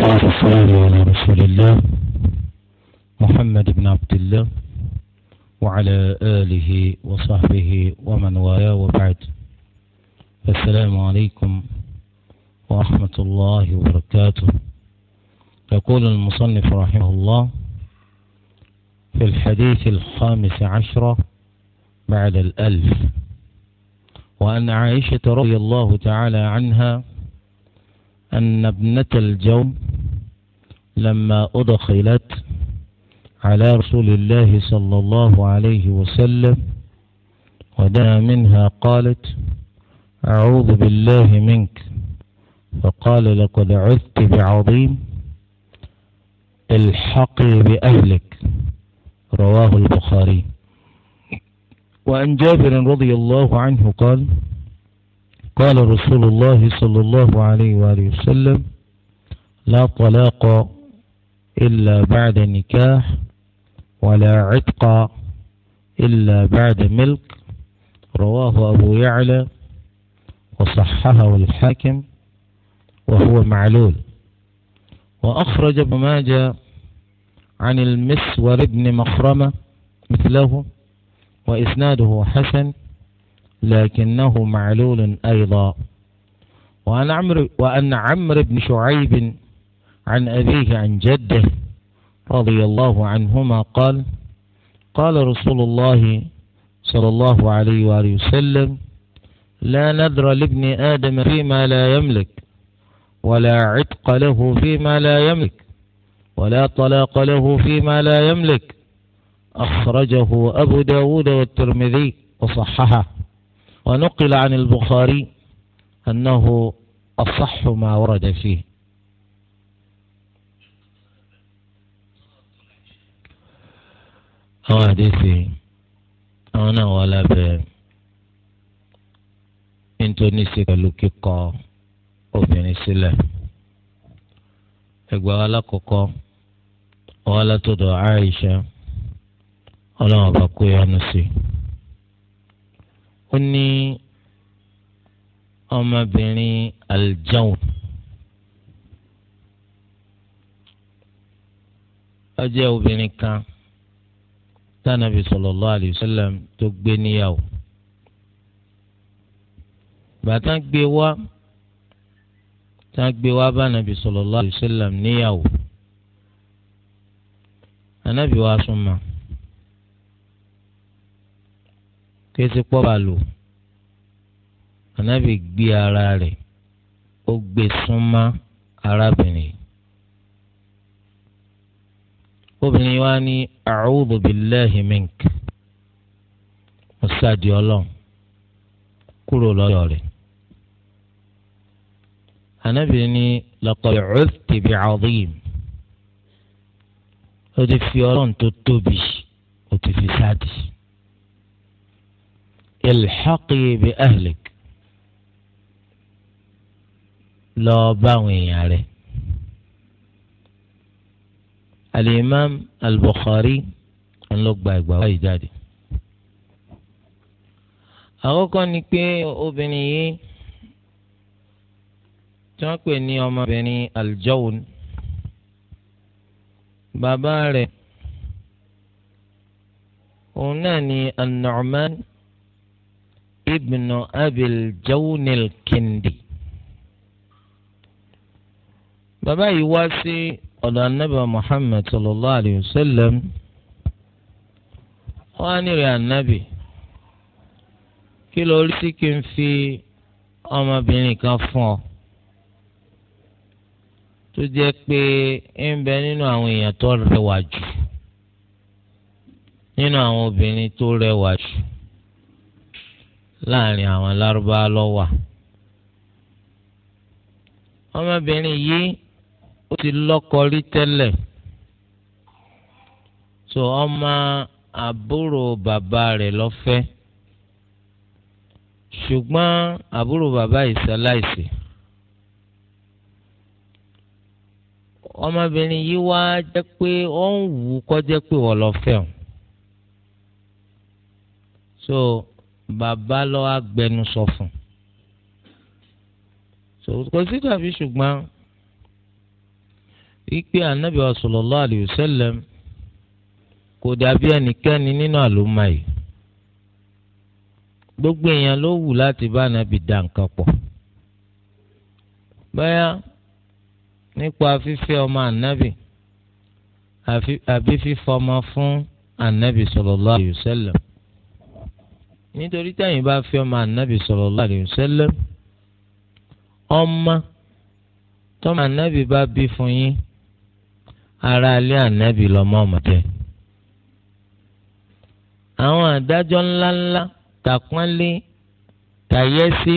والصلاة والسلام على رسول الله محمد بن عبد الله وعلى آله وصحبه ومن والاه وبعد السلام عليكم ورحمة الله وبركاته يقول المصنف رحمه الله في الحديث الخامس عشر بعد الألف وأن عائشة رضي الله تعالى عنها أن ابنة الجوم لما أدخلت على رسول الله صلى الله عليه وسلم ودعا منها قالت أعوذ بالله منك فقال لقد عذت بعظيم الحقي بأهلك رواه البخاري وعن جابر رضي الله عنه قال قال رسول الله صلى الله عليه وآله وسلم لا طلاق إلا بعد نكاح ولا عتق إلا بعد ملك رواه أبو يعلى وصححه الحاكم وهو معلول وأخرج ابن ماجه عن المسور بن مخرمة مثله وإسناده حسن لكنه معلول أيضا وأن عمر وأن عمر بن شعيب عن أبيه عن جده رضي الله عنهما قال قال رسول الله صلى الله عليه وآله وسلم لا نذر لابن آدم فيما لا يملك ولا عتق له فيما لا يملك ولا طلاق له فيما لا يملك أخرجه أبو داود والترمذي وصححه ونقل عن البخاري أنه الصح ما ورد فيه أحاديثي أنا ولا ب إنتو نسيك لكيكا أبني سلة إقبال لكوكا ولا تدعى عائشة ولا أبقى يا نسيك ó ní ọmọbìnrin aljaun ó jẹ́ obìnrin kan tánàbí sallallahu alayhi wa sallam tó gbé níyàwó bàtà gbé wá tá a gbé wá bá nàbì sallallahu alayhi wa níyàwó ànábì súnmọ́. kéésì pọ́ba lò ànábì gbé ara rẹ̀ ó gbé súnmọ́ arábìnrin obìnrin wa ní a'udhu billahi mink ọ̀sàdì ọlọ́run kúrò lọ́dọ̀ rẹ̀ ànábì ní laqad 'udhti bi'azim ó ti fi ọlọ́run tó tóbi ó ti fi sáàdì. الحقي بأهلك لا باوي عليه يعني. الإمام البخاري أن لك باي باي جادي أقول أو أبني كي أو بني الجون بابا لي هنا النعمان ibnu abil jawnil kindi bàbá yìí wá sí ọ̀dọ̀ anábà muhammed sallallahu alayhi wa sallam wọ́n á nírè anábì kí ló rí sí kí n fi ọmọbìnrin kan fún ọ tó jẹ́ pé ń bẹ nínú àwọn èèyàn tó rẹwà jù nínú àwọn obìnrin tó rẹwà jù láàrin àwọn lárúbáwá lọ́wà. ọmọbìnrin yìí ó ti lọ́kọ rí tẹ́lẹ̀ so ọmọ àbúrò bàbá rẹ̀ lọ́fẹ́ ṣùgbọ́n àbúrò bàbá yìí ṣaláìsí. ọmọbìnrin yìí wá jẹ́ pé ó ń wù kó jẹ́ pé wọ́n lọ fẹ́ o so bàbá lọ agbẹnusọ fún kò sí tàbí ṣùgbọ́n ìpè anabi sallallahu alayhi sallam kò dàbí ẹnikẹ́ni nínú àlùmọ́ yìí gbogbo èèyàn ló wù láti bá anabi dà nǹkan pọ̀ báyà nípa fífẹ́ ọmọ anabi àbí fífọ́ ọmọ fún anabi sallallahu alayhi sallam nítorí táyìn bá fẹ́ ọmọ ànábì sallallahu alaihi wasallam ọmọ tọ́mọ ànábì bá bí fún yín ara ilé ànábì lọ́mọ ọmọdé àwọn àdájọ́ ńláńlá tàpọ́nlé tàyẹ́sí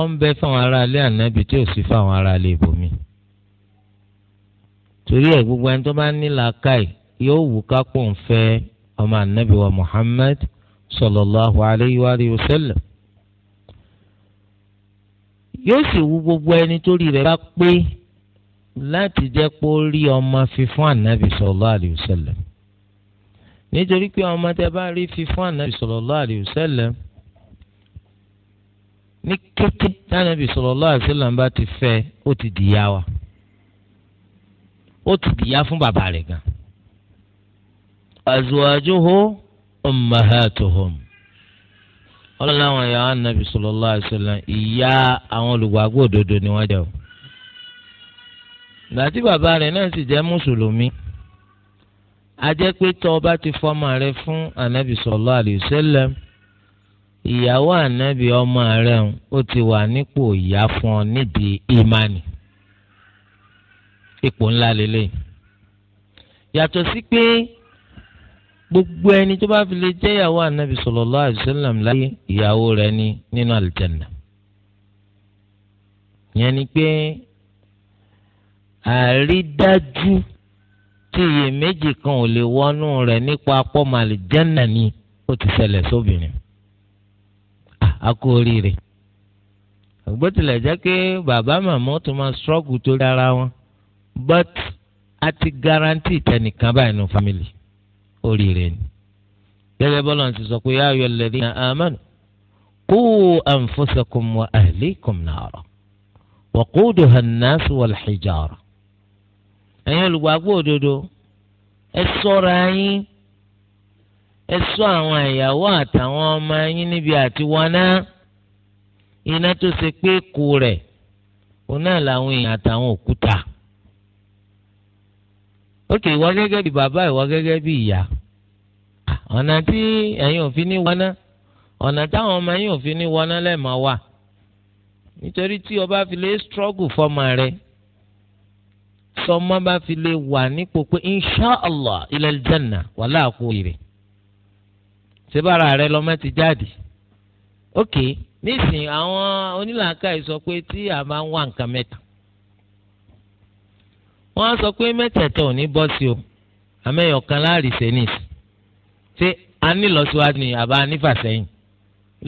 ó ń bẹ fáwọn ará ilé ànábì tí ò sí fáwọn ará ilé ibòmí torí ẹ̀ gbogbo ẹni tó bá ní làákàyè yóò wù ká pò ń fẹ́ ọmọ ànábì wa Muhammad صلى الله عليه وآله وسلم sallam yóò sì wú gbogbo ẹni tó rí rẹ̀ bá pé láti jẹ́ pé ó rí ọmọ fífún ànábì sallallahu alayhi wa sallam nítorí pé ọmọ tẹ́ bá rí fífún ànábì sallallahu alayhi wa sallam ní kété tánàbì sallallahu alayhi bá ti fẹ́ ó ti dìyà wa ó ti dìyà fún bàbá rẹ̀ gan azwajuhu ummahatuhum ọlọ́run àwọn ìyá anabi sallallahu alaihi wasallam ìyá àwọn olùgbàgbọ́ òdodo ni wọ́n jẹ́ o gbàtí bàbá rẹ̀ náà sì jẹ́ mùsùlùmí a jẹ́ pé tọ́ ọba ti fọ́mọ rẹ̀ fún anabi sallallahu alaihi wasallam ìyàwó ànábì ọmọ rẹ̀ ó ti wà nípò ìyá fún ọ nídìí ìmánì ipò ńlá lélẹ̀ yàtọ̀ sí pé gbogbo ẹni tó bá fi lè jẹ́ ìyàwó ànábì sallallahu alaihi wasallam láyé ìyàwó rẹ̀ ni nínú àlùjánnà yẹn ni pé àrídájú tí iyèméjì kan ò lè wọnú rẹ̀ nípa pọ́mọ àlùjánnà ni ó ti ṣẹlẹ̀ sóbìnrin akórí rẹ̀ àgbẹ̀ tilẹ̀ jẹ́ pé bàbá màmá tó máa struggle tó dára wọn but a ti guarantee tẹnìkan báyìí nù family oríire ni gẹ́gẹ́ bọ́lá ti sọ pé yáa yọ lẹ́dí na amánu kú ànfọ́sẹ̀kùn wa àhìlẹ́kùn nàárọ̀ wà kúndù hànàṣù wà lẹ́xìjàrọ̀. ẹ̀yin olùgbàgbọ́ òdodo ẹ ṣọ́ra yín ẹ ṣọ́ àwọn ìyàwó àtàwọn ọmọ yín níbi àti wọná iná tó ṣe pé kù rẹ̀ òun làwọn èèyàn àtàwọn òkúta. ókè ìwọ gẹ́gẹ́ bí bàbá ìwọ gẹ́gẹ́ bí ìyá. Okay, ọ̀nà tí ẹ̀yin ò fi ní wọná ọ̀nà táwọn ọmọ ẹ̀yin ò fi ní wọná lẹ́ẹ̀mọ́ wà nítorí tí ọba fi lè struggle fọmọ rẹ sọmọ bá fi lè wà nípò pé inshàlá ilẹ̀ jẹ̀nà wà láàkó rè sebára rẹ lọ́mọ ti jáde ok nísìnyí àwọn onílàákà yìí sọ pé tí a máa ń wá nǹkan mẹ́ta wọ́n á sọ pé mẹ́tẹ̀ẹ̀tẹ̀ ò ní bọ́ sí o àmẹ́yọ̀ kan láàrìsẹ́ ṣé a ní lọ́síwájú ni àbá nífàsẹ́yìn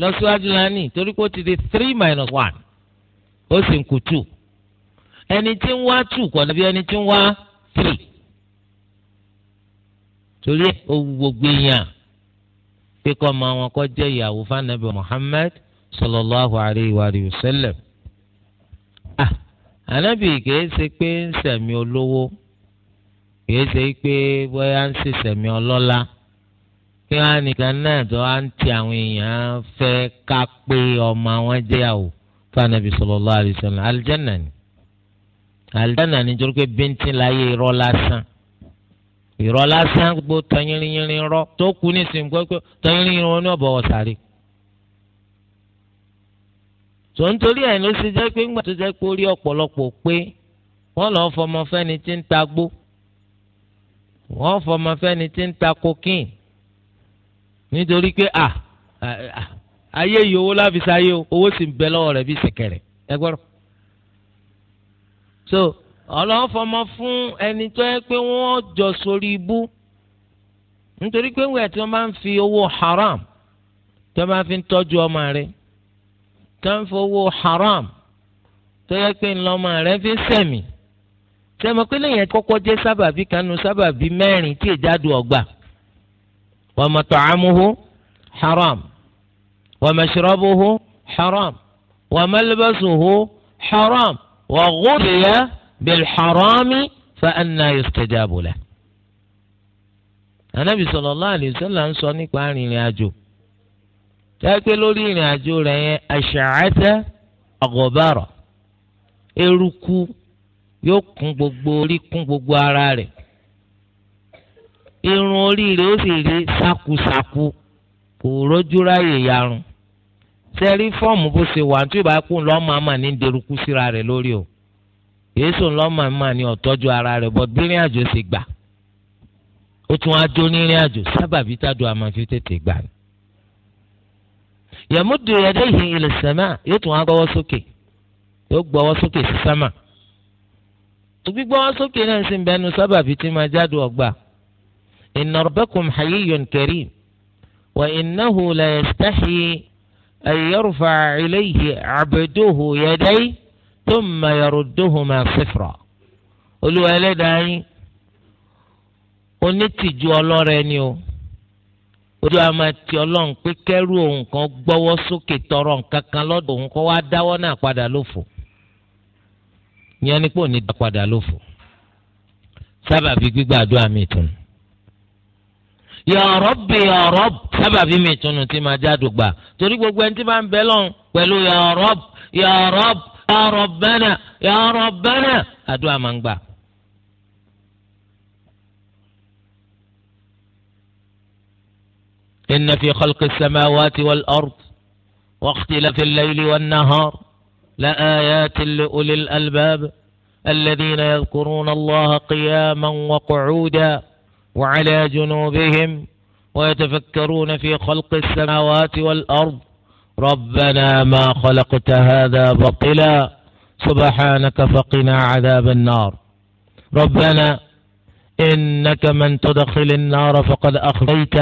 lọ́síwájú la ní torí pé ti di three minus one ó sì ń kú two ẹni tí ń wá two kò dàbí ẹni tí ń wá three torí ó gbogbo pé kọ́ ma wọn kọ́ jẹ́ ìyàwó fanabi Muhammad sallallahu alayhi wa sallam ah anabi kìí ṣe pé ń sẹ̀mí olówó kìí ṣe pé bóyá ń ṣe sẹ̀mí ọlọ́lá kí wọn á nìkan náà tó á ń ti àwọn èèyàn fẹ́ ká pé ọmọ wọn jẹ́yàwó fanabi sallallahu alaihi wasallam ni aljanna ni torí pé bíntín láyé irọ́ lásán irọ́ lásán gbogbo tọ́yìnrìnyìnrìn rọ tó kú ní ìsìn gbogbo tọ́yìnrìnyìnrìn wọn ní ọ̀bọ̀ wọ̀ sáré tó ń torí ẹ̀ ló ṣe jẹ́ pé ńgbà tó jẹ́ pé ó rí ọ̀pọ̀lọpọ̀ pé wọ́n lọ́ọ́ fọmọ fẹ́ni tí ń ta gbó wọ́n fọmọ fẹ́ni tí ń ta kokéènì nítorí pé à ayé yìí owó láfi sáyé o owó sì ń bẹ lọ́wọ́ rẹ̀ bí ṣẹ̀kẹ̀rẹ̀ ẹ gbọ́dọ̀. so ọlọ́run fọmọ fún ẹni tó yẹ pé wọ́n jọ sórí ibú nítorí pé wíwẹ̀ tí wọ́n máa ń fi owó haram tí wọ́n máa fi ń tọ́jú ọmọ rẹ̀ tí wọ́n fi owó haram tó yẹ pé ńlọmọ rẹ̀ fi sẹ̀mí sẹ́mi pé lẹ́yìn ẹ̀ kọ́kọ́ jẹ́ sábàbí kanú sábàbí mẹ́rin tí ìjádùn ọgbà wa mat'amuhu haram wa mashrabuhu haram wa malbasuhu haram wa ghudhiya bilharami fa anna yustajabu lahu. anabi sallallahu alayhi wa sallam ń sọ nípa arìnrìn àjò dáké lórí ìrìn àjò rẹ̀ yẹn àṣàáṣẹ àgọbàrọ eruku yóò kún gbogbo orí kún gbogbo ara rẹ̀ irun orí rẹ̀ ó sì rí sákúsákú kò rọ́jú ráyè yarun sẹ́rí fọ́ọ̀mù bó ṣe wà tí ò bá kú lọ́mọ àmà ní derúkú síra rẹ̀ lórí o èso lọ́mọ àmà ní ọ̀tọ́jú ara rẹ̀ bọ́ bí ìrìn àjò ṣe gbà ó tún á dó ní ìrìn àjò sábàbí tádùn àmà fi tètè gbà ní. yẹ̀múdù yadayhi ila sama yóò tún á gbọ́wọ́ sókè yóò gbọ́wọ́ sókè sí sámà. gbígbọ́wọ́ sókè náà sì ń bẹnu sábàbí tí máa jáde ọgbà. إن ربكم hayiyyun كريم، وإنه لا يستحي أن يرفع yarfa'a عبده يدي، ثم thumma yarudduhuma sifra olúwa ẹlẹ́dàá yín onítìjú ọlọ́rẹ ni o ojú àmà tí ọlọ́run pé kẹ́rù òun kan gbọ́wọ́ sókè tọrọ nǹkan kan òun kọ́ wá dáwọ́ náà padà lófo ìyẹn ni dá padà lófo sábàbí gbígbàdúrà mi tún ya rọ́bì ya Rabb sábàbí mi tunu ti ma jáde gbà torí gbogbo ẹni tí ma ń bẹ lọ́hùn pẹ̀lú ya rọ́b ya rọ́b ya rọ́b Rabbana ya rọ́b Rabbana àdúrà máa ń gbà. إن في خلق السماوات والأرض واختلاف الليل والنهار لآيات لأولي الألباب الذين يذكرون الله قياما وقعودا وعلى جنوبهم ويتفكرون في خلق السماوات والأرض ربنا ما خلقت هذا باطلا سبحانك فقنا عذاب النار ربنا إنك من تدخل النار فقد أخذيت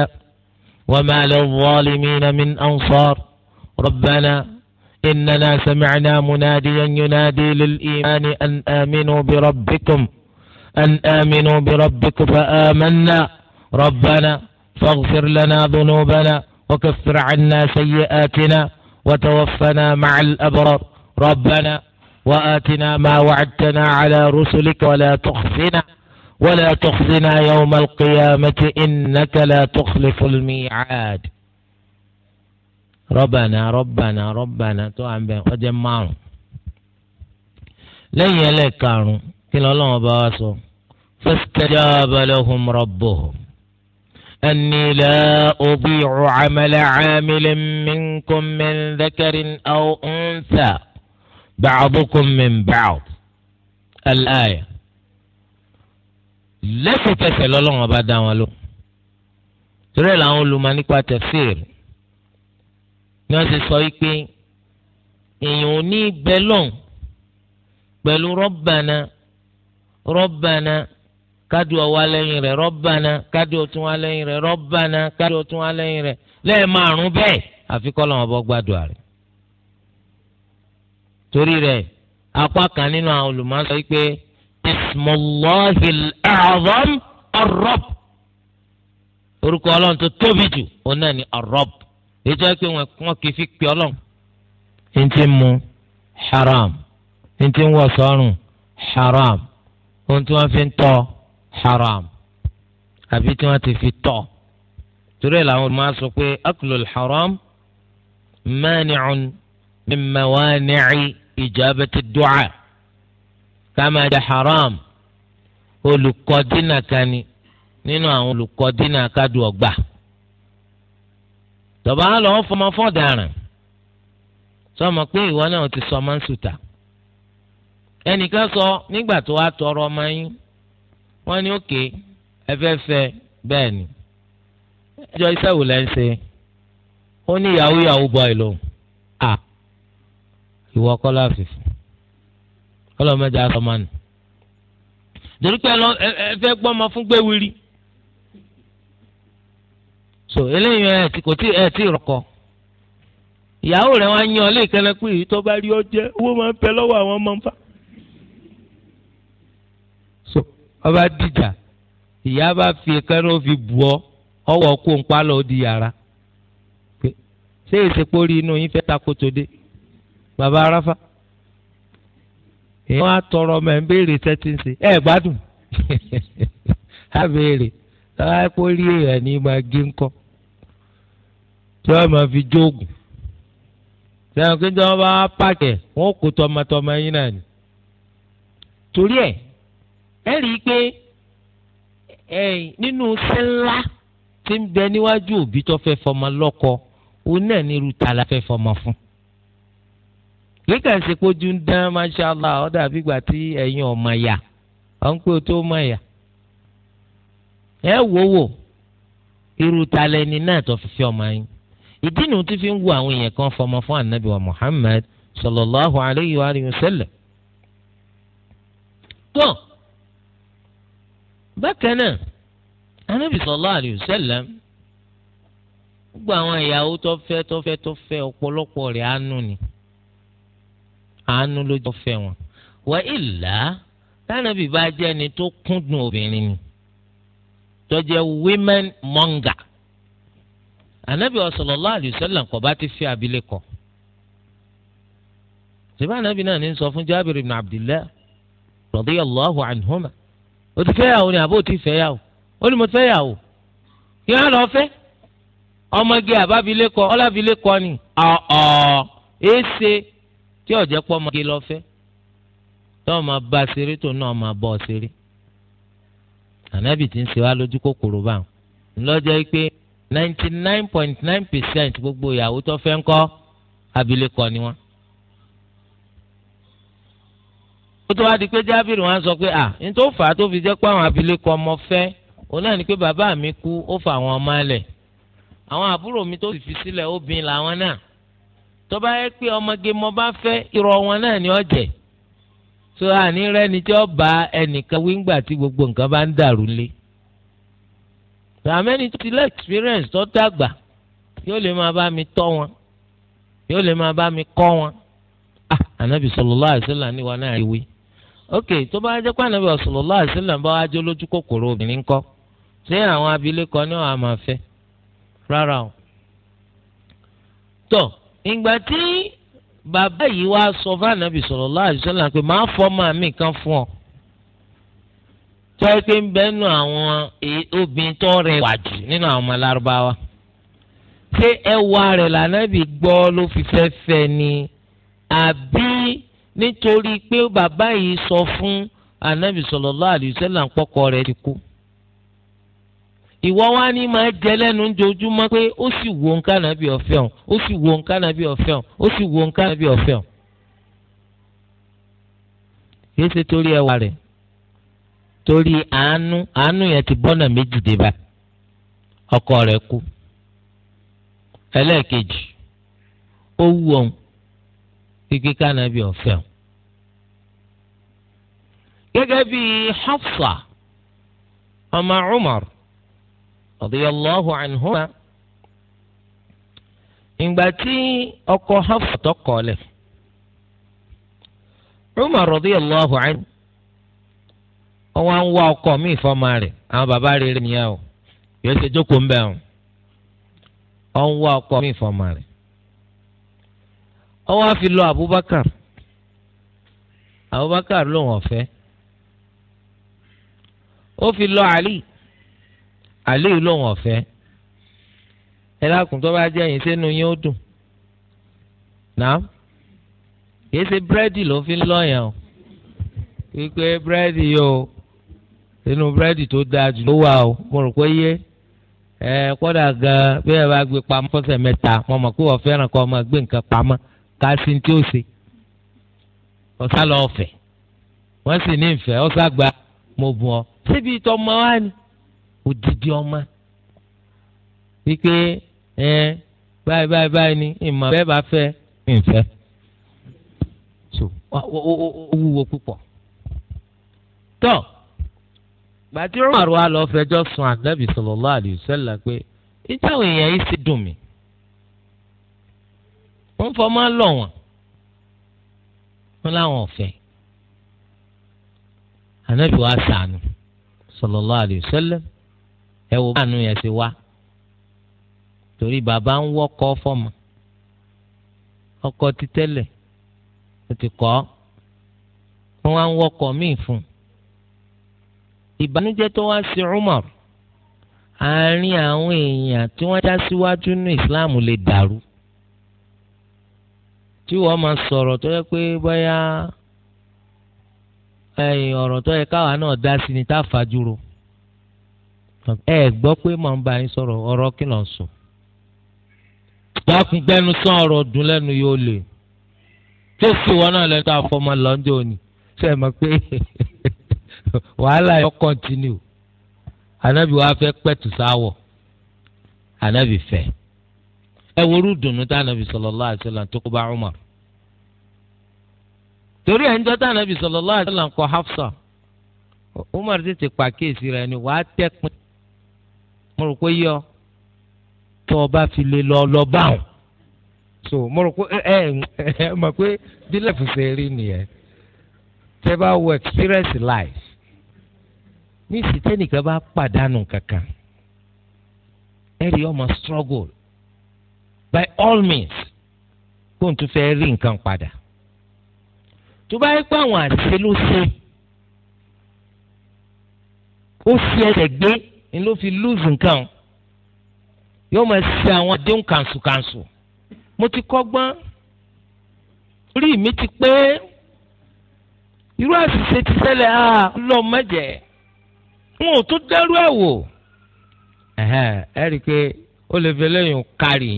وما للظالمين من أنصار ربنا إننا سمعنا مناديا ينادي للإيمان أن آمنوا بربكم أن آمنوا بربك فآمنا ربنا فاغفر لنا ذنوبنا وكفر عنا سيئاتنا وتوفنا مع الأبرار ربنا وآتنا ما وعدتنا على رسلك ولا تخفنا ولا تخزنا يوم القيامة إنك لا تخلف الميعاد ربنا ربنا ربنا تو عم بين قدم معه لن يليك كانوا كلا الله بواسو فاستجاب لهم ربهم أني لا أضيع عمل عامل منكم من ذكر أو أنثى بعضكم من بعض الآية lẹ́sẹ̀kẹsẹ̀ lọ́lọ́run ọba dá wọn lò torí ẹ̀ làwọn olùmọ̀ nípa tẹ̀síìrì ni wọ́n ti sọ wípé èèyàn ò ní bẹ́lọ̀n pẹ̀lú rọ́bànà rọ́bànà kádùá wá lẹ́yìn rẹ̀ rọ́bànà kádùá tún wá lẹ́yìn rẹ̀ rọ́bànà kádùá tún wá lẹ́yìn rẹ̀ lẹ́ẹ̀ márùn bẹ́ẹ̀ àfi kọ́ lọ́wọ́ bọ́ gbàdúrà rẹ̀. torí rẹ̀ apá kan nínú àwọn olùmọ̀ sọ pé ismullahil a'zam ar orúkọ ọlọ́run tó tóbi jù òun náà ni ar-rabb èyí tó yẹ pé wọ́n kì í fi pè ọlọ́run. ń ti mu haram ń ti wọ̀ sọ́run haram ohun tí wọ́n fi ń tọ́ ọ haram àbí tí wọ́n ti fi tọ́ torí ẹ̀ làwọn máa sọ pé aklul haram mani'un min mawani'i ijabati du'a ká máa jẹ haram olùkọ́ dínà kan ni nínú àwọn olùkọ́ dínà kádùn ọgbà tọba á lọ wọn fọmọ fọdaràn sọmọ pé ìwọ náà ti sọ ọmọ ń ẹnìkan sọ nígbà tó wàá tọrọ ọmọ yín wọ́n ní òkè ẹfẹẹfẹ bẹ́ẹ̀ ni ẹjọ́ iṣẹ́ wò lẹ ń ṣe ó ní yahoo yahoo boy lò à ìwọ kọlá fìfún ọlọmọdé asọmánù torí pé ẹ fẹ́ ọmọ fún gbéwìrì so eléyìí ẹ ti kò tí ẹ ti rọkọ ìyàwó rẹ wá yan ọ lè kẹlẹ pé èyí tó bá rí ọ jẹ owó máa ń fẹ́ lọ́wọ́ àwọn ọmọ nfa ọba dìjà ìyá bá fi kẹ́rẹ́ ó fi bù ọ ọwọ́ kó ń pa lọ́ọ́ di yàrá ṣé ìsèpò rí inú yín fẹ́ takoto dé bàbá aráfa èèyàn á tọrọ ọmọ ẹ̀ ń béèrè sẹ́tíǹsì ẹ̀ gbádùn á béèrè táwa kó èèyàn ní máa gé ńkọ́ tí wọ́n máa fi jóògùn sẹ́wọ̀n kí ni wọ́n bá pàkẹ́ wọ́n kó tọmọtọmọ yín náà ni torí ẹ̀ e rí i pé nínú sẹ́ńlá tí ń bẹ níwájú òbí tó fẹ́ fọmọ lọ́kọ òun náà ní irú ta tí ẹ̀yin yà ń pé o tó mọ̀ yà. ẹ wò wò irú ta náà tó fi fi ọmọ yín. ìdí nu fi ń wo àwọn alayhi wa sallam. bákan náà anábì sallallahu alayhi wa sallam gbogbo àwọn ìyàwó tó fẹ́ tó fẹ́ tó fẹ́ ọ̀pọ̀lọpọ̀ rẹ̀ àánú ni àánú ló jọ fẹ́ wọn wà ìlà tánàbì bá jẹ́ ẹni tó kúndùn obìnrin ni tó women monger anábì sallallahu alayhi wa sallam kò bá ti fẹ́ abilékọ ṣùgbọ́n anábì náà ní sọ fún Jábìrì ibn Abdillah radiyallahu anhuma o ti fẹ́yàwó ni àbó ti fẹ́yàwó ó ní mo fẹ́yàwó kí wọ́n lọ fẹ́ ọmọge àbábilẹ́kọ ọlábilẹ́kọ ni ọ̀ọ́ èsè tí ọ̀jẹ̀ pọ̀ ọmọge lọ fẹ́ tọ́wọ́ máa bá a ṣeré tó náà máa bọ́ ọ ṣeré ànábì tí ń ṣe wá lójú kòkòrò bá ń lọ́jọ́ pé ninety nine point nine percent gbogbo ìyàwó tó fẹ́ ń kọ́ abilékọ ni wọ́n ó tó wá di pé jábìrì wọn sọ pé à ní tó fà á tó fi jẹ́ pé àwọn abilékọ ọmọ fẹ́ òun náà ni pé bàbá mi kú ó fà àwọn ọmọ alẹ̀ àwọn àbúrò mi tó sì fi sílẹ̀ obìnrin làwọn náà tó bá yẹ pé ọmọge mo bá fẹ́ irọ́ wọn náà ni ọ jẹ́ so àní rẹ ni tí ó bá ẹnìkan wíńgbà tí gbogbo nǹkan bá ń dàrú lé sàmẹ́ni tó ti lé experience tó dàgbà yóò lè máa bá mi tọ́ wọn yóò lè máa bá mi kọ́ wọn ah anabi sallallahu alaihi wasallam ni wọn náà rí wí ok tó bá jẹ́ pé ànábì sallallahu alaihi wasallam bá wá jó lójú kòkòrò obìnrin kọ́ ṣé àwọn abilékọ ni wọ́n á máa fẹ́ rárá o. tó ìgbà tí bàbá yìí wá sọ fún ànábì sallallahu alaihi wasallam pé máa fọ́ máa mí kan fún ọ tọ́ pé ń bẹ́nu àwọn obìnrin tó rẹwà jù nínú àwọn ọmọ lárúbáwá ṣé ẹwà rẹ̀ lànàbì gbọ́ ló fi fẹ́ fẹ́ ni àbí nítorí pé bàbá yìí sọ fún anabi sallallahu alaihi wasallam pọkọ rẹ ti kú ìwọ wa ni máa jẹ lẹ́nu ojoojúmọ́ pé ó sì wo nǹkan ó sì wo nǹkan nàbí ọ̀fẹ́ ọ̀hún ó sì wo nǹkan nàbí ọ̀fẹ́ ọ̀hún. kìí ṣe torí ẹwà rẹ̀ torí àánú àánú yẹn ti bọ́nà méjì dé bá ọkọ rẹ kú ẹlẹ́ẹ̀kejì ó wù sí kíkà nàbí ọ̀fẹ́ o. gẹ́gẹ́ bí Hafsa ọmọ Umar radiyallahu anhuma ìgbà tí ọkọ Hafsa Umar anhu wọ́n wá ń ọkọ mi ìfọ́mà rẹ̀ àwọn bàbá rere nìyà o yóò ṣe jókòó ń bẹ̀ ọ́n wọ́n ń ọkọ mi ìfọ́mà rẹ̀. ọwọ́ á fi lọ Abubakar Abubakar lòun ọ̀fẹ́ ó fi lọ Ali Ali lòun ọ̀fẹ́ ẹ lákùn tó bá jẹ́ yín sínú yín ó dùn náà kìí ṣe búrẹ́dì ló fi ń lọ́yàn o wípé búrẹ́dì yóò inú búrẹ́dì tó dáa jù ló wà o mo rò pé yé ẹ kódà gan bí ẹ bá gbé pamọ́ fọ́sẹ̀ mẹ́ta mo mọ̀ pé wọ́n fẹ́ràn kọ́ ọmọ gbé nǹkan pamọ́ kásìn tí ó ṣe ọ̀sá lọ ọ̀fẹ́ wọ́n sì ní ìfẹ́ ọ̀sá gba mo bù ọ́ síbi ìtọ́ ọmọ wa ni òdìdí ọmọ wípé ẹ báyìí báyìí báyìí ni ìmọ̀ bẹ́ẹ̀ bá fẹ́ ìfẹ́ so ó wúwo púpọ̀ tọ́ gbàdúrà wà lọ́ọ́ fẹjọ́ sùn ànábì sallallahu alaihi wasallam pé ìjáwé yẹn yìí sì dùn mí wọ́n fọmọ lọ wọ́n wọ́n láwọn ọ̀fẹ́ anabi wa sànù sallallahu alayhi wa sallam ẹ wo báànú yẹn ti wá torí bàbá ń wọkọ fọmọ ọkọ ti tẹ́lẹ̀ ó ti kọ wọ́n wá ń wọkọ míì fún un ìbànújẹ́ tó wá sí Umar àárín àwọn èèyàn tí wọ́n já síwájú ní Islam lè dàrú tí wọn máa sọrọ tó yẹ pé bóyá ẹ̀yìn ọ̀rọ̀ tó yẹ káwa náà dá sí ni tá a fàjúrò ẹ gbọ́ pé màá ń bá yín sọ̀rọ̀ ọ̀rọ̀ kí ló ń sùn dákun gbẹnu sán ọ̀rọ̀ dùn lẹ́nu yóò lè tó sì wọn náà lẹ́nu tó àfọmọ lọ́ńdẹ̀ òní ṣe mọ̀ pé wàhálà yóò kọ́ntínú ànábì wàá fẹ́ pẹ̀tù sáwọ̀ ànábì fẹ́. ẹ worú dùnú tá ànábì sallallahu alaihi wasallam tó kó bá Umar torí ẹ̀ ń jọ́ tá ànábì sallallahu alaihi wasallam kọ Hafsa Umar tètè pàkíyèsí rẹ̀ ni wàá tẹ́pin mo rò pé yọ tó o bá fi lè lọ lọ báwọn so mo rò pé ẹ ẹ mọ̀ pé bílẹ̀ fùsẹ̀ rí nìyẹn tẹ́ bá wọ experience life ní ìsìtẹ́nìkan bá pàdánù kankan ọmọ struggle by all means kó n tún fẹ́ rí nǹkan padà tó bá yẹ pé àwọn àṣìṣe ló ṣe ó fi ẹsẹ̀ gbé ni ló fi lose nǹkan yóò máa ṣe àwọn àdéhùn kàǹsùkàǹsù mo ti kọ́gbọ́n orí mi ti pé irú àṣìṣe ti ṣẹlẹ̀ á lọ mẹ́jẹ̀ wọn ò tún dẹ́rú ẹ̀ wò ẹ rí i pé ó lè fi eléyìí kárì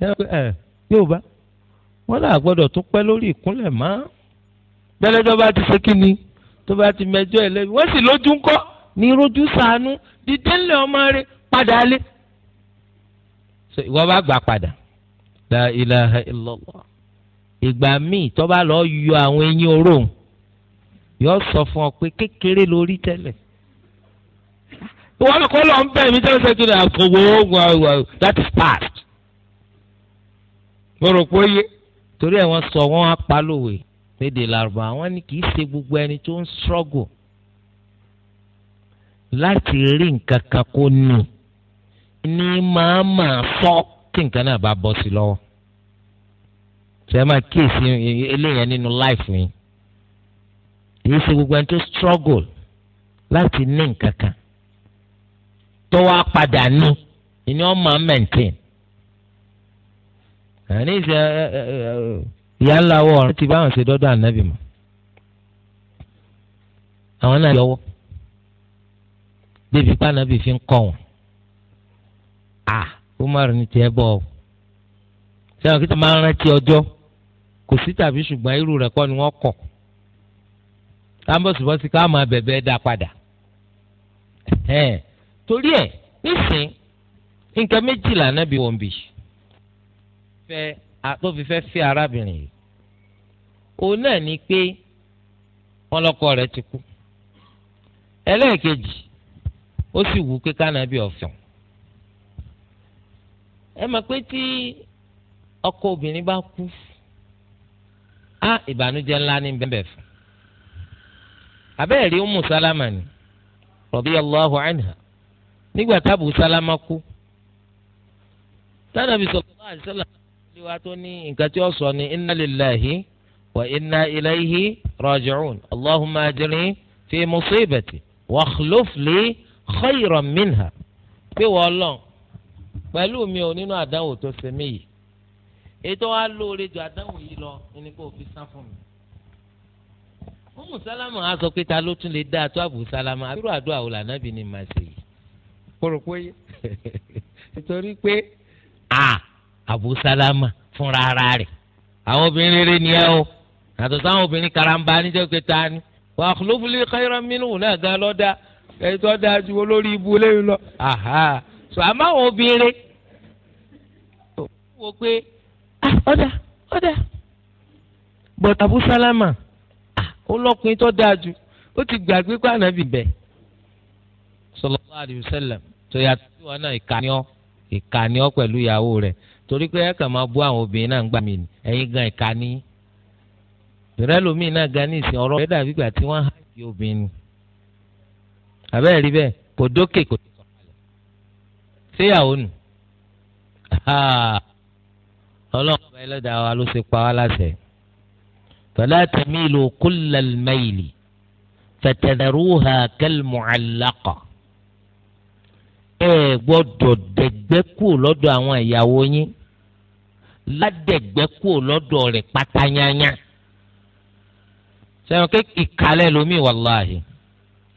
ẹ Yorùbá wọn là gbọ́dọ̀ tún pẹ́ lórí ìkúnlẹ̀ mọ́ gbẹlẹjọ bá ti ṣe kí ni tó bá ti mẹjọ ẹ lẹ́bi wọ́n sì lójú ńkọ ní rojú sànú dídé ńlẹ̀ ọmọ rẹ̀ padà lé ìwọ bá gbà padà la ilaha illallah ìgbà míì tó bá lọ yọ àwọn eyín oró yóò sọ fún ọ pé kékeré lórí tẹ́lẹ̀ ìwọ ni kọ́ lọ ń bẹ̀ mí tẹ́lẹ̀ sẹ́kìrì àkọ́wé ogun àwọn that is past mo rò pé yé torí ẹ̀ wọ́n sọ wọ́n á pa lówe lédè làrúbá wọ́n ní kì í ṣe gbogbo ẹni tó ń struggle láti rí nǹkan kan kó nù ní máa máa sọ tí nǹkan náà bá bọ́ sí lọ́wọ́ ṣe máa kíyèsí eléyẹn nínú láìfù yín kì í ṣe gbogbo ẹni tó struggle láti ní nǹkan kan tó wá padà ní ni wọ́n máa maintain ní ìsẹ ìyá ńlá wọ ọ̀run ti báwọn ṣe dọ́dọ̀ ànábì mọ́ àwọn náà yọwọ́ débi pànábì fi ń kọ́ wọn à Umar ní tiẹ̀ bọ̀ ọ́ sẹ́wọ̀n kí tó máa ń rántí ọjọ́ kò sí tàbí ṣùgbọ́n irú rẹ̀ kọ́ ni wọ́n kọ̀ tábọ̀sibọ́sí ká máa bẹ̀bẹ̀ dá padà torí ẹ̀ nísìn nǹkan méjìlá náà bí fẹ́ tó fi fẹ́ fi arábìnrin yìí òun náà ni pé wọn lọ́kọ ti kú ẹlẹ́ẹ̀kejì ó sì wù pé kánábì ẹ pé tí ọkọ obìnrin bá kú á ìbànújẹ́ ńlá ní bẹ́ẹ̀ fún abẹ́ẹ̀rí umu sálámà ni radiyallahu anha nígbà tábù sálámà kú tí wàá tó ní nǹkan tí ó sọ ní inna lillahi wa inna ilayhi raji'un allahumma ajirni fi musibati wa akhluf li khayran minha pé wọ́n lọ pẹ̀lú mi ò nínú àdánwò tó ṣe mí yìí ètò wa lóore ju àdánwò yìí lọ ẹni pé òfin sá fún mi. Umu Sálámà pé ta ló tún lè dá àtọ́ Abu Sálámà àdúrà wò lànàbì ni màá ṣe yìí. kúrò pé nítorí pé à abu salama fúnra ara rẹ̀ àwọn obìnrin rere ni ẹ o àtọ̀ sáwọn obìnrin karamba níjẹ́ pé ta ni wà á lófúlé káyọ̀rọ̀ mínú náà gan lọ́dà ẹni tó dáa ju olórí ibu eléyìí lọ aha so àmọ́ àwọn obìnrin wo pé ọ̀dà ọ̀dà bọ̀dà abu salama olókùnrin tó dáa ju ó ti gbàgbé pé ànábì bẹ̀ sallallahu alaihi wasallam tó yàtọ̀ sí wọn náà ìkànnì ọ ìkànnì ọ pẹ̀lú ìyàwó rẹ̀ torí pé ẹ kàn máa bú àwọn obìnrin náà ń gbà mí ni ẹ̀yin gan ìka ní. ìrẹ́ lomi náà gan ní ìsìn ọ̀rọ̀ rẹ̀ dàbí ìgbà tí wọ́n hàn kí obìnrin. àbẹ́ẹ̀ rí bẹ́ẹ̀ kò dókè kò tó sọ̀kalẹ̀. ṣéyàwó nù. ọlọ́run ọba ẹlẹ́dàá wa ló ṣe pa wá láṣẹ. fala tamilu kullal mayli fatadharuha kalmu'allaqa ẹ gbọ́dọ̀ dẹ̀gbẹ́ kù lọ́dọ̀ àwọn ìyàwó ládẹ̀gbẹ́ kúrò lọ́dọ̀ rẹ̀ pátáyányá sẹ́wọ̀n pé ìkàlẹ̀ lomi wàláhì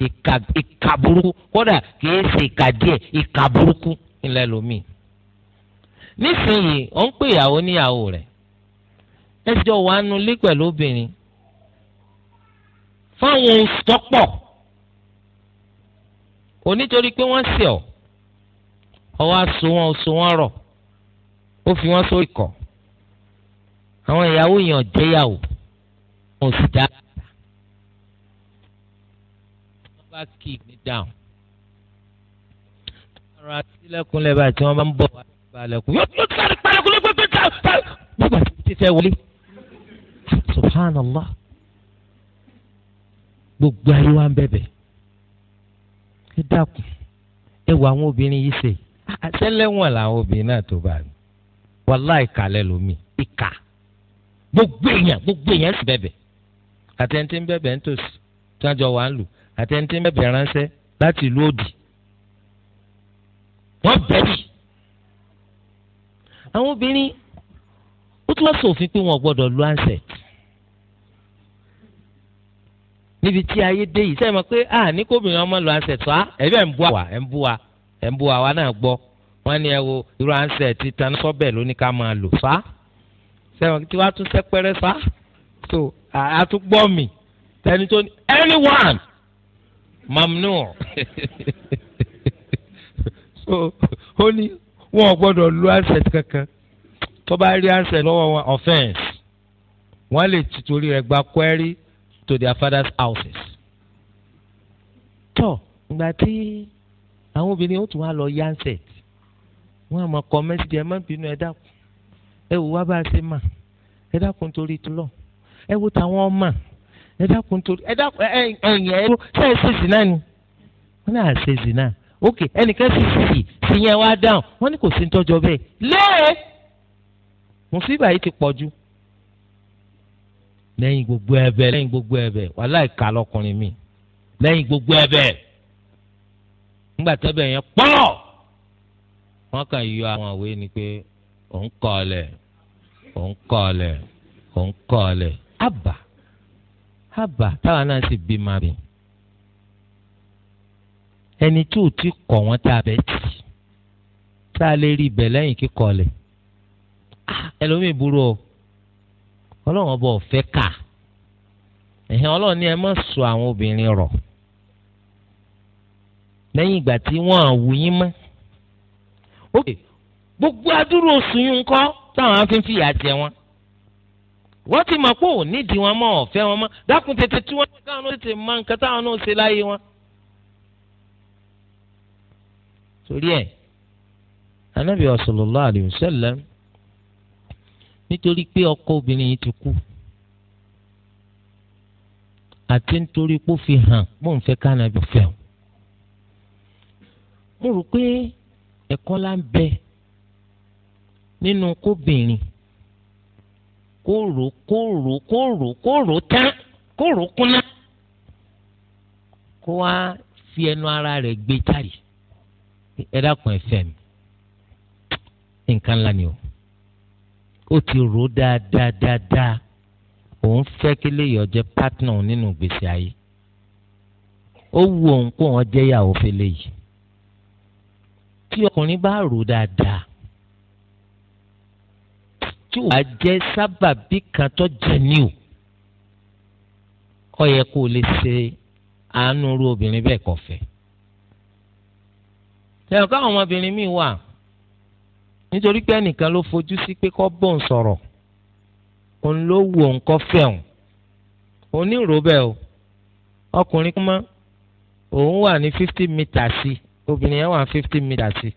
ìkà ìkà burúkú kódà kìí ṣe ìkà díẹ̀ ìkà burúkú ńlẹ̀ lomi. nísìnyìí ó ń pè ìyàwó níyàwó rẹ̀ ẹ jọ wà nù lé pẹ̀lú obìnrin fáwọn oṣù tó pọ̀ onítorí pé wọ́n ṣẹ̀ ọ́ ọ wá wọn so wọn rọ̀ ó fi wọn sórí kọ̀ àwọn ìyàwó yẹn jẹ́yàwó wọn ò sì dá àtà bá kì í ní dáhùn ọ̀rọ̀ àtìlẹ́kùnlẹ̀ báyìí tí wọ́n bá ń bọ̀ wá balẹ̀kùn yóò yóò sáré balẹ̀kùn lọ́gbọ̀n tó ta ta bàbá ti fẹ́ wọlé subhanallah gbogbo ayé wa ń bẹ̀bẹ̀ ẹ dákun ẹ wọ àwọn obìnrin yìí ṣe àtẹlẹ́wọ̀n làwọn obìnrin náà tó bá mi wàláì kàlẹ́ lómi ìkà gbogbo èèyàn gbogbo èèyàn sì bẹ̀bẹ̀ àtẹ̀ntì ń bẹ̀bẹ̀ ńtòsí tí wọ́n jọ wà ń lù àtẹ̀ntì ń bẹ̀bẹ̀ ránṣẹ́ láti ìlú òdì wọ́n bẹ̀bì. àwọn obìnrin ó tún wá sòfin pé wọn ò gbọ́dọ̀ lu ansẹ̀t níbi tí ayé dé yìí sẹ́yìn mọ̀ pé a ní kóbìnrin ọmọ lu ansẹ̀t wa ẹ̀bí ẹ̀ ń bú àwa ẹ̀ ń bú wa ẹ̀ ń bú àwa náà gbọ́ wọ́n ní ẹ wo irú ansẹ̀t tí tanisọ́bẹ̀ lóníkà máa lò fa. So, sẹ́wọ̀n tí wàá tún sẹ́pẹ́rẹ́ sá so àtúgbọ́ mi tẹni tó ní anyone mamnu so ó ní wọn ò gbọ́dọ̀ lu asset kankan tó bá rí asset lọ́wọ́ wọn offence wọ́n lè tìtorí rẹ̀ gba query to their father's houses. tọ́ ìgbà tí àwọn obìnrin ó tún wá lọ yánsẹ̀t wọ́n á máa kọ́ mẹ́sìgì ẹ̀ má bínú ẹ̀ dákun ẹ wò wá bá a ṣe mà ẹ dákun torí tọlọ ẹ wò táwọn ọmọ ẹ dákun torí ẹ dákun ẹyìn ẹ wò ṣe é ṣèṣì náà ni wọn náà ṣe èṣì náà ok ẹnìkan sì sì sì yẹn wá dáhùn wọn ní kò sí tọjọ bẹ́ẹ̀ lẹ́ẹ̀ mùsíbà yìí ti pọ̀ jù gbogbo ẹ̀bẹ̀ lẹ́yìn gbogbo ẹ̀bẹ̀ wàhálà ìka lọkùnrin mi lẹ́yìn gbogbo ẹ̀bẹ̀ nígbà tẹ́bẹ̀ yẹn pọ̀ wọ́n kàn yọ àwọn àwé ni pé òun kọ́ ọ lẹ̀ òun kọ́ ọ lẹ̀ òun kọ́ ọ lẹ̀ àbà àbà táwọn náà sì bí máa bì ẹni tí ò ti kọ̀ wọ́n tá a bẹ̀ tì tá a lè rí ibẹ̀ lẹ́yìn kíkọ́ ọ ah, lẹ̀ ẹlòmíì burú o ọlọ́run ọba ọ̀fẹ́ kà ẹ̀hìn ọlọ́run ni ẹ má sọ àwọn obìnrin rọ̀ lẹ́yìn ìgbà tí wọ́n àwù yín mọ́. ok gbogbo adúrò oṣù yín ńkọ́ táwọn á fi ń fìyà jẹ wọn wọ́n ti mọ̀ pé ò nídìí wọn mọ́ ọ̀fẹ́ wọn mọ́ dákun tètè tí wọ́n káwọn náà tètè máa nǹkan táwọn náà ṣe láyé wọn. torí ẹ̀ anábì sallallahu alaihi wasallam nítorí pé ọkọ obìnrin yìí ti kú àti nítorí pé ó fi hàn mò ń fẹ́ kánábì fẹ́ mo rò pé ẹ̀kọ́ la ń bẹ nínú kóbìnrin kóró kóró kóró kóró tán kóró kúnná kó wá fi ẹnu ara rẹ̀ gbé jáde ẹ dákun ẹ fẹ́ mi nǹkan ńlá ni o ó ti rò dáadáa dáadáa òun fẹ́ kí léyìí jẹ́ pátánà nínú ìgbésí ayé ó wù òun kó wọn jẹ́ ìyàwó fẹ́lẹ́ yìí tí ọkùnrin bá rò dáadáa tí ò bá jẹ́ sábàbí kan tó jẹ́ níwò ó yẹ kó o lè ṣe àánú irú obìnrin bẹ́ẹ̀ kọ̀fẹ́. ṣèyàn káwọn ọmọbìnrin míì wà nítorí pé ẹnìkan ló fojú sí pé kó bóun sọ̀rọ̀ òun ló wù òun kọ́ fẹ̀hùn òun o ọkùnrin kúmọ́ òun wà ní fifty metres sí obìnrin yẹn wà fifty metres sí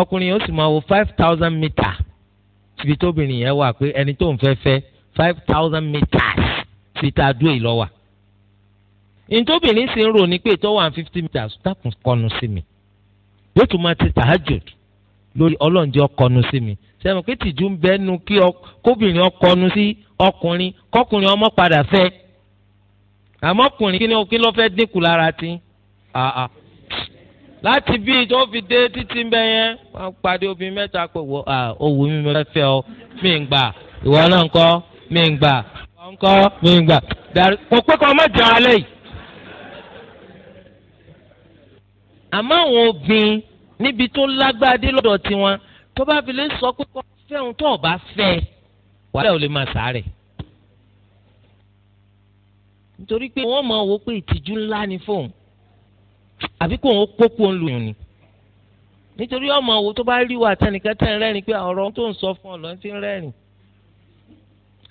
ọkùnrin yẹn sì máa wo five thousand metres síbi tóbìnrin yẹn wà pé ẹni tó ń fẹ́ fẹ́ five thousand meters sí ta dúró yìí lọ́wà. ìtòbìnrin sì ń rò ní pé ìtọ́ one fifty meters dákun kọnu sí mi yóò tún máa ti tahajud lórí ọlọ́njẹ́ ọkọnu sí mi sẹ́wọ̀n pé tìjú ń bẹ́nu kí kóbìnrin ọkọnu sí ọkùnrin kọkùnrin ọmọ padà fẹ́ àmọ́kùnrin kí ni ó kí ló fẹ́ dínkù lára tí láti bí tó fi dé títí ń bẹ yẹn wọn pàdé obìnrin mẹ́ta pé wọ owó mi fẹ́ fẹ́ ọ mi ń gbà ìwọ náà ń kọ́ mi ń gbà ọ̀ ń kọ́ mi ń gbà dàrí kò pé kọ́ ọmọ jẹun alẹ́ yìí. àmọ́ àwọn obìnrin níbi tó lágbáadé lọ́dọ̀ tiwọn tó bá fi lè sọ pé kọ́ fẹ́ òun tó bá fẹ́ wàhálà ò lè máa sàárẹ̀. nítorí pé wọ́n mọ̀ wò pé ìtìjú ńlá ni fóun àbí kò ń kó kó ń lu yùn ni nítorí ọmọ wo tó bá rí wa tẹnìkan tẹ̀ ń rẹ́rìn pé ọ̀rọ̀ tó ń sọ fún ọ lọ́n ti ń rẹ́rìn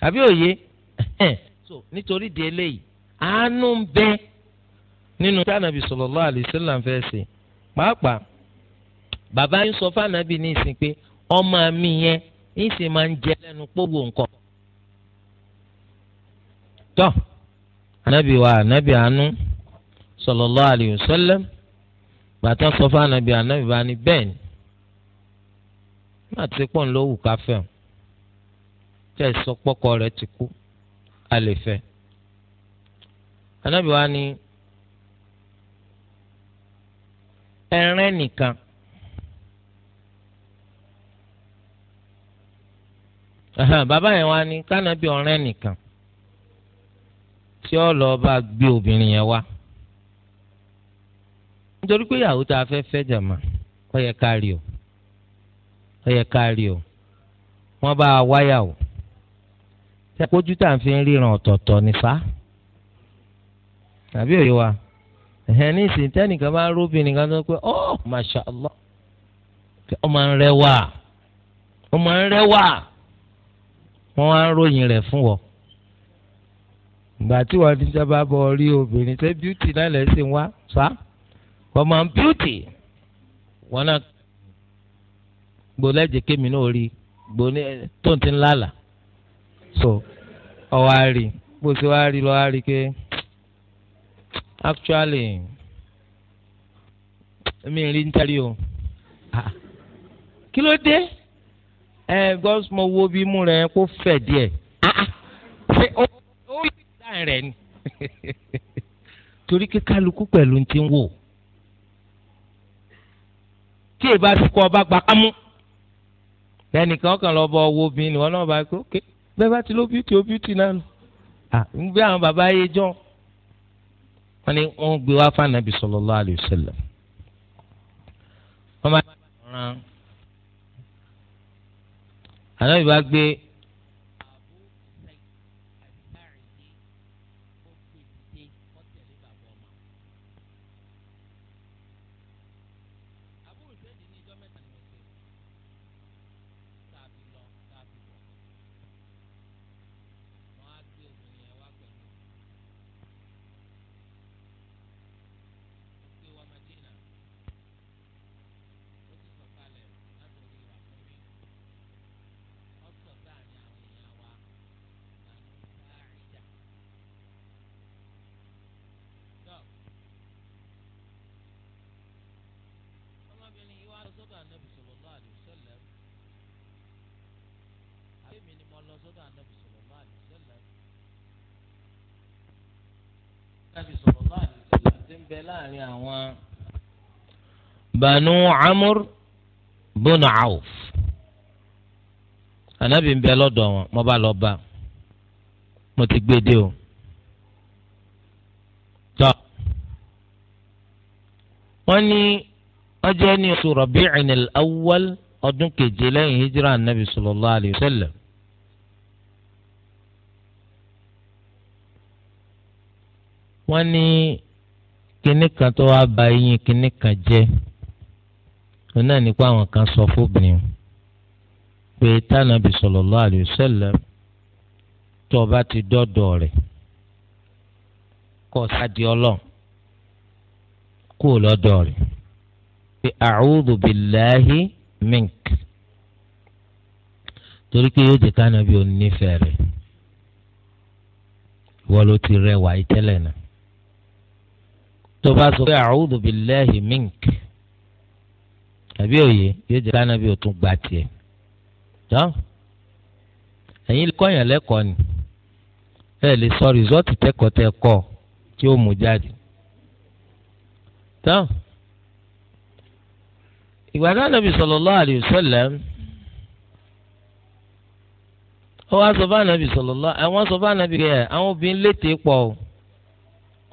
àbí òye so nítorí di eléyìí àánú ń bẹ nínú tí ànábì sallallahu alaihi wasallam fẹ́ ṣe pàápàá bàbá yín sọ fún ànábì ní ìsìn pé ọmọ mi yẹn ń sì máa ń jẹ lẹ́nu pọ́wọ́ nǹkan. tọ́ ànábì wa ànábì àánú sallallahu alayhi wa sallam bàtà sọ fún anabi anabi bá ní bẹ́ẹ̀ ni láti pọ̀ ló wù ká fẹ́ o tẹ̀ sọ pọ́kọ rẹ̀ ti kú a lè fẹ́ anabi wa ni ẹrẹ́ nìkan bàbá yẹn wá ní kánábì ọ̀rẹ́ nìkan tí ó lọ bá gbé obìnrin yẹn wá. nítorí pé ìyàwó tá a fẹ́ fẹ́ jàmá o ó yẹ o wọ́n bá a o tẹ́kójú tá à ń fi ríran ọ̀tọ̀ọ̀tọ̀ nífa tàbí òye wa ẹ̀hẹ́n ní ìsìn tẹ́nìkan bá ń róbìnrin kan tó pé ọ́ masha allah ọmọ ń rẹwà ọmọ ń rẹwà wọ́n wá ń ròyìn rẹ̀ fún wọ ìgbà tí ti sábà bọ̀ rí obìnrin tẹ́ bíútì náà wá sá. but my beauty wọn náà gbọ́lẹ́jẹ̀ kémi náà rí gbóni tó ń ti ń lálà so ọwọ́ á rí bó ṣe wá rí lọ́wọ́ á rí pé actually mi rí ń tẹ́lẹ̀ o kí ló dé ẹ gọ́s mo wo bí mú rẹ kó fẹ̀ díẹ̀ ṣé ó ó lè dá rẹ ni torí kí kálukú pẹ̀lú ti ń wò tí èyí bá ti kọ́ ọba gbà kámú. ẹnìkan kan lọ bọ owó bí ni wọn náà bá kó ké bẹ́ẹ̀ bá ti ló bíútì ó bíútì náà nù. ń gbé àwọn bàbá yé jọ wọn ni wọn gbé wá fún anabi sallallahu alaihi wasallam. wọn bá ti rán anabi bá gbé banu amur bonu auf anabi ń bẹ lọ́dọ̀ wọn mo bá lọ bá mo ti gbé dé o tọ wọn ní ọjọ́ ní oṣù Rabi'in al-awwal ọdún keje lẹ́yìn hijira anabi sallallahu alayhi wa sallam. ní kinní kan tó wá ba eyín kinní kan jẹ́ òun náà ní pé àwọn kan sọ fóbìnrin pé tànàbì sallallahu alaihi wasallam tó o bá ti dọ́dọ̀ rẹ̀ kó o sáà di ọlọ́run kó o lọ́dọ̀ rẹ̀ pé a'udhu billahi mink torí pé yóò jẹ́ tànàbì òun nífẹ̀ẹ́ rẹ̀ wọ́n ló ti rẹwà yìí náà tó bá sọ pé a'udhu billahi mink. àbí òye yóò jẹ́ kánábì ò tún gba tiẹ̀ tán ẹ̀yin kọ́yàn lẹ́kọ̀ọ́ ni ẹ lè sọ rìsọ́ọ̀tì tẹ́kọ̀ọ́ tẹ́ tí ó mú jáde tán ìgbà náà nàbì sallallahu alaihi wasallam ó wá sọ fáwọn nàbì sallallahu àwọn sọ fáwọn nàbì rẹ̀ àwọn obìnrin pọ̀ o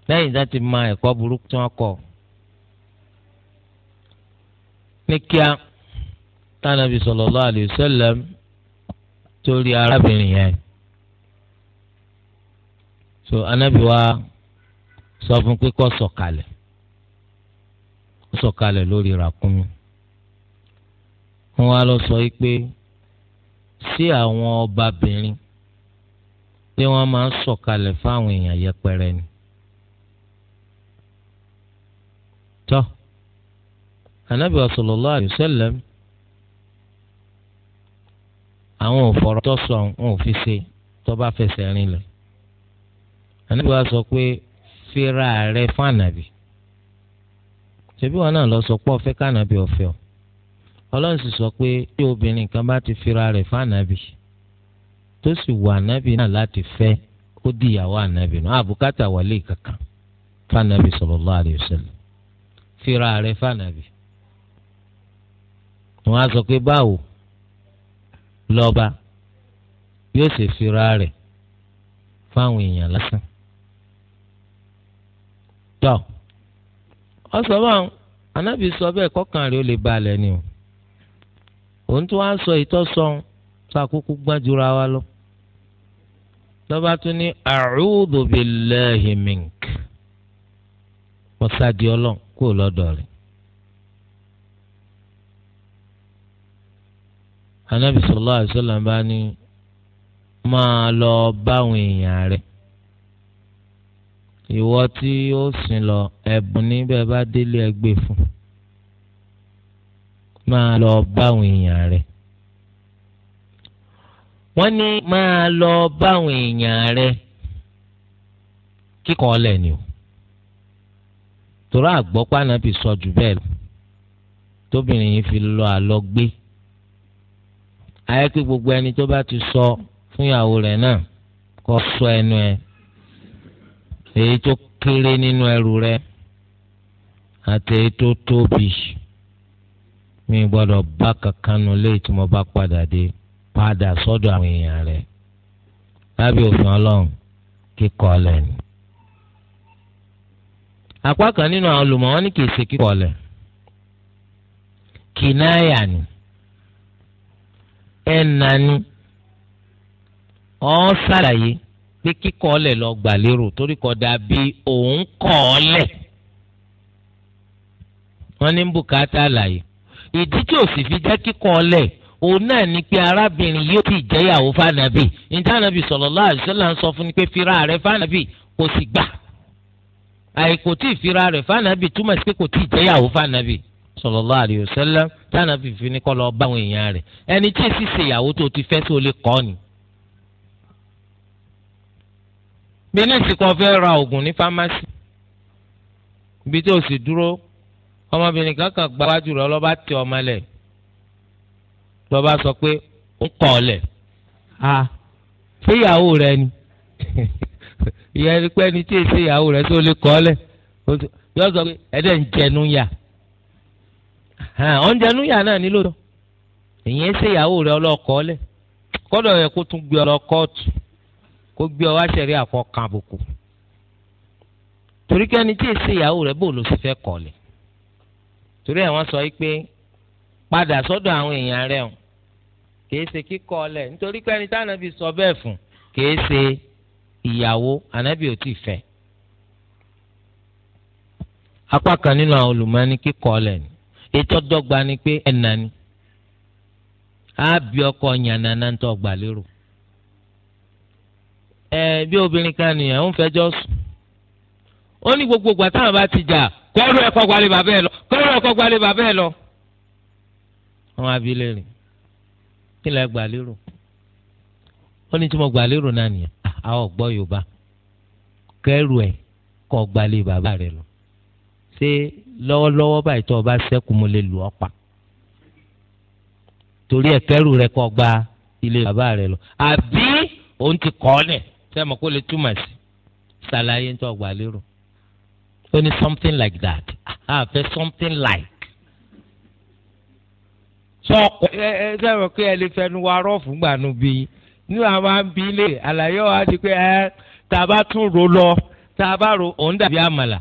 lẹ́yìn ti máa ẹ̀kọ́ burúkú tí wọ́n ní kíá tánàbí sallallahu alayhi sallam torí arábìnrin yẹn so anábì wa sọ fún pé kó sọ̀kalẹ̀ sọ̀kalẹ̀ lórí ràkúnmí wọn wá lọ sọ yìí pé sí àwọn ọbabìnrin pé wọn máa ń sọ̀kalẹ̀ fáwọn èèyàn yẹpẹrẹ ni. tọ́ anabi sallallahu alayhi wa sallam àwọn òfòrò tó sọ wọn ò fi ṣe tó bá fẹsẹ̀ rìn lọ anabi wa sọ pé fira rẹ fún anabi ṣebí wọn náà lọ sọ pé ọfẹ kànábi ọfẹ o Ọlọ́run sì sọ pé tí obìnrin kan bá ti fira rẹ fún anabi tó sì wà anabi náà láti fẹ́ ó di ìyàwó anabi náà àbùkátà wà lè kankan fún anabi sallallahu alayhi wa sallam fira rẹ fún anabi wọn á sọ pé báwo lọ́ba yóò ṣe fira rẹ̀ fáwọn èèyàn lásán. tọ́ ọ sọ báwọn anábì sọ bẹ́ẹ̀ kọ́kàn rẹ̀ ó lè balẹ̀ ni o òun tó wá sọ ìtọ́sọ́n sàkókò gbájúra wa lọ lọ́ba tún ní a'udhu billahi mink kó lọ́dọ̀ rẹ̀ anabi sallallahu alaihi wasallam bá ní máa lọ báwọn èèyàn rẹ̀ ìwọ tí ó sìn lọ ẹ̀bùn níbẹ̀ bá délé ẹgbẹ́ fún máa lọ báwọn èèyàn rẹ̀ wọ́n ní máa lọ báwọn èèyàn rẹ̀ kíkọ́ ọ̀lẹ̀ ni o torí àgbọ̀pá náà fi sọ jù bẹ́ẹ̀ lọ tóbìnrin yìí fi lọ àlọ́ gbé. ayé pé gbogbo ẹni tó bá ti sọ fún ìyàwó rẹ̀ náà kọ sọ ẹnu ẹ èyí tó kéré nínú ẹrù rẹ àti èyí tó tóbi mi gbọ́dọ̀ bá kankan nu léyìí tí mo bá padà dé padà sọdọ àwọn èèyàn rẹ lábẹ́ òfin Ọlọ́run kíkọ̀ lẹ́nu apá kan nínú àwọn olùmọ̀ wọn ní kì í ṣe ni ẹ nani ọ ṣàlàyé pé kíkọ́ ọ̀lẹ̀ lọ gbà lérò torí kọ́ dàbí òun kọ́ ọ̀lẹ̀ wọ́n ní bùkátà àlàyé ìdí tí ò fi jẹ́ kíkọ́ ọ̀lẹ̀ òun náà ni pé arábìnrin yóò ti jẹ́yàwó fànàbì ìtànàbì sallallahu alaihi wasallam ń sọ fún ni pé fira rẹ̀ fànàbì kò sì gbà àìkò tí ì fira rẹ̀ fànàbì túmọ̀ sí pé kò tí ì jẹ́yàwó fànàbì. sallallahu alaihi wasallam táwọn fífi ní kọ́ lọ bá àwọn èèyàn rẹ̀ ẹni tí èsì ṣe ìyàwó tó ti fẹ́ sí o lè kọ́ ni. mínísì kan fẹ́ ra oògùn ní fámásì ibi tó sì dúró ọmọbìnrin kankan gba wájú rẹ̀ ọlọ́ba tẹ ọmọ lẹ̀ lọ́ba sọ pé ó kọ̀ ọ́ lẹ̀ a ṣé ìyàwó rẹ̀ ni ìyẹn ni tí èsì ìyàwó rẹ̀ tó lè kọ́ lẹ̀ yọ sọ pé ẹ̀dẹ̀ ń jẹnu yà. oúnjẹ núyà náà nílò tó ìyẹn ṣe ìyàwó rẹ ọlọ́kọ lẹ̀ kọ́dọ̀ yẹ kó tún gbé ọ lọ kóòtù kó gbé ọ wá ṣẹ̀rí àkọ́kàn àbùkù torí kí tí ì ìyàwó rẹ bó ló sì fẹ́ kọ̀ lẹ̀ torí ẹ̀ wọ́n sọ yìí pé padà sọ́dọ̀ àwọn èèyàn rẹ̀ o kìí ṣe kíkọ̀ ọlẹ̀ nítorí pé ẹni tí ànábì sọ bẹ́ẹ̀ fún kìí ṣe ìyàwó ànábì ò tíì fẹ́. apá kan nínú àwọn olùmọ̀ọ́ni kíkọ̀ ọlẹ̀ ni ètò dọ́gba ni pé ẹ̀nà ni á bí ọkọ yànnà náà tó gbà lérò ẹ bí obìnrin kan nìyẹn ó ń fẹjọ́ sùn ó ní gbogbo ìgbà táwọn bá ti jà kọ́ọ̀rù ẹ̀kọ́ gbalẹ̀ bàbá ẹ̀ lọ kọ́ọ̀rù ẹ̀kọ́ gbalẹ̀ bàbá ẹ̀ lọ. wọn á lérìn kí lẹ gbà lérò ó ní tí mo gbà lérò náà nìyẹn àwọn gbọ́ yorùbá kẹ́rù ẹ̀ kọ́ gbalẹ̀ bàbá rẹ̀ lọ ṣé lọ́wọ́lọ́wọ́ báyìí tó o bá sẹ́kù mo lè lù ọ́ pa torí ẹ kẹ́rù rẹ kó gba ilé bàbá rẹ lọ àbí òun ti kọ́ ọ́ lẹ̀ sẹ́mi kó lè túmọ̀ sí ṣàlàyé ń tọ́ gbà lérò ó ní something like that a fẹ́ something like sọ́ọ̀kọ́. ẹ ẹ sẹ́mi pé ẹ lè fẹnu wa rọ́ọ̀fù gbànú bí nínú àwọn àbí àlàyé wa di pé ẹ tá a bá tún ro lọ tá a ro òun dàbí àmàlà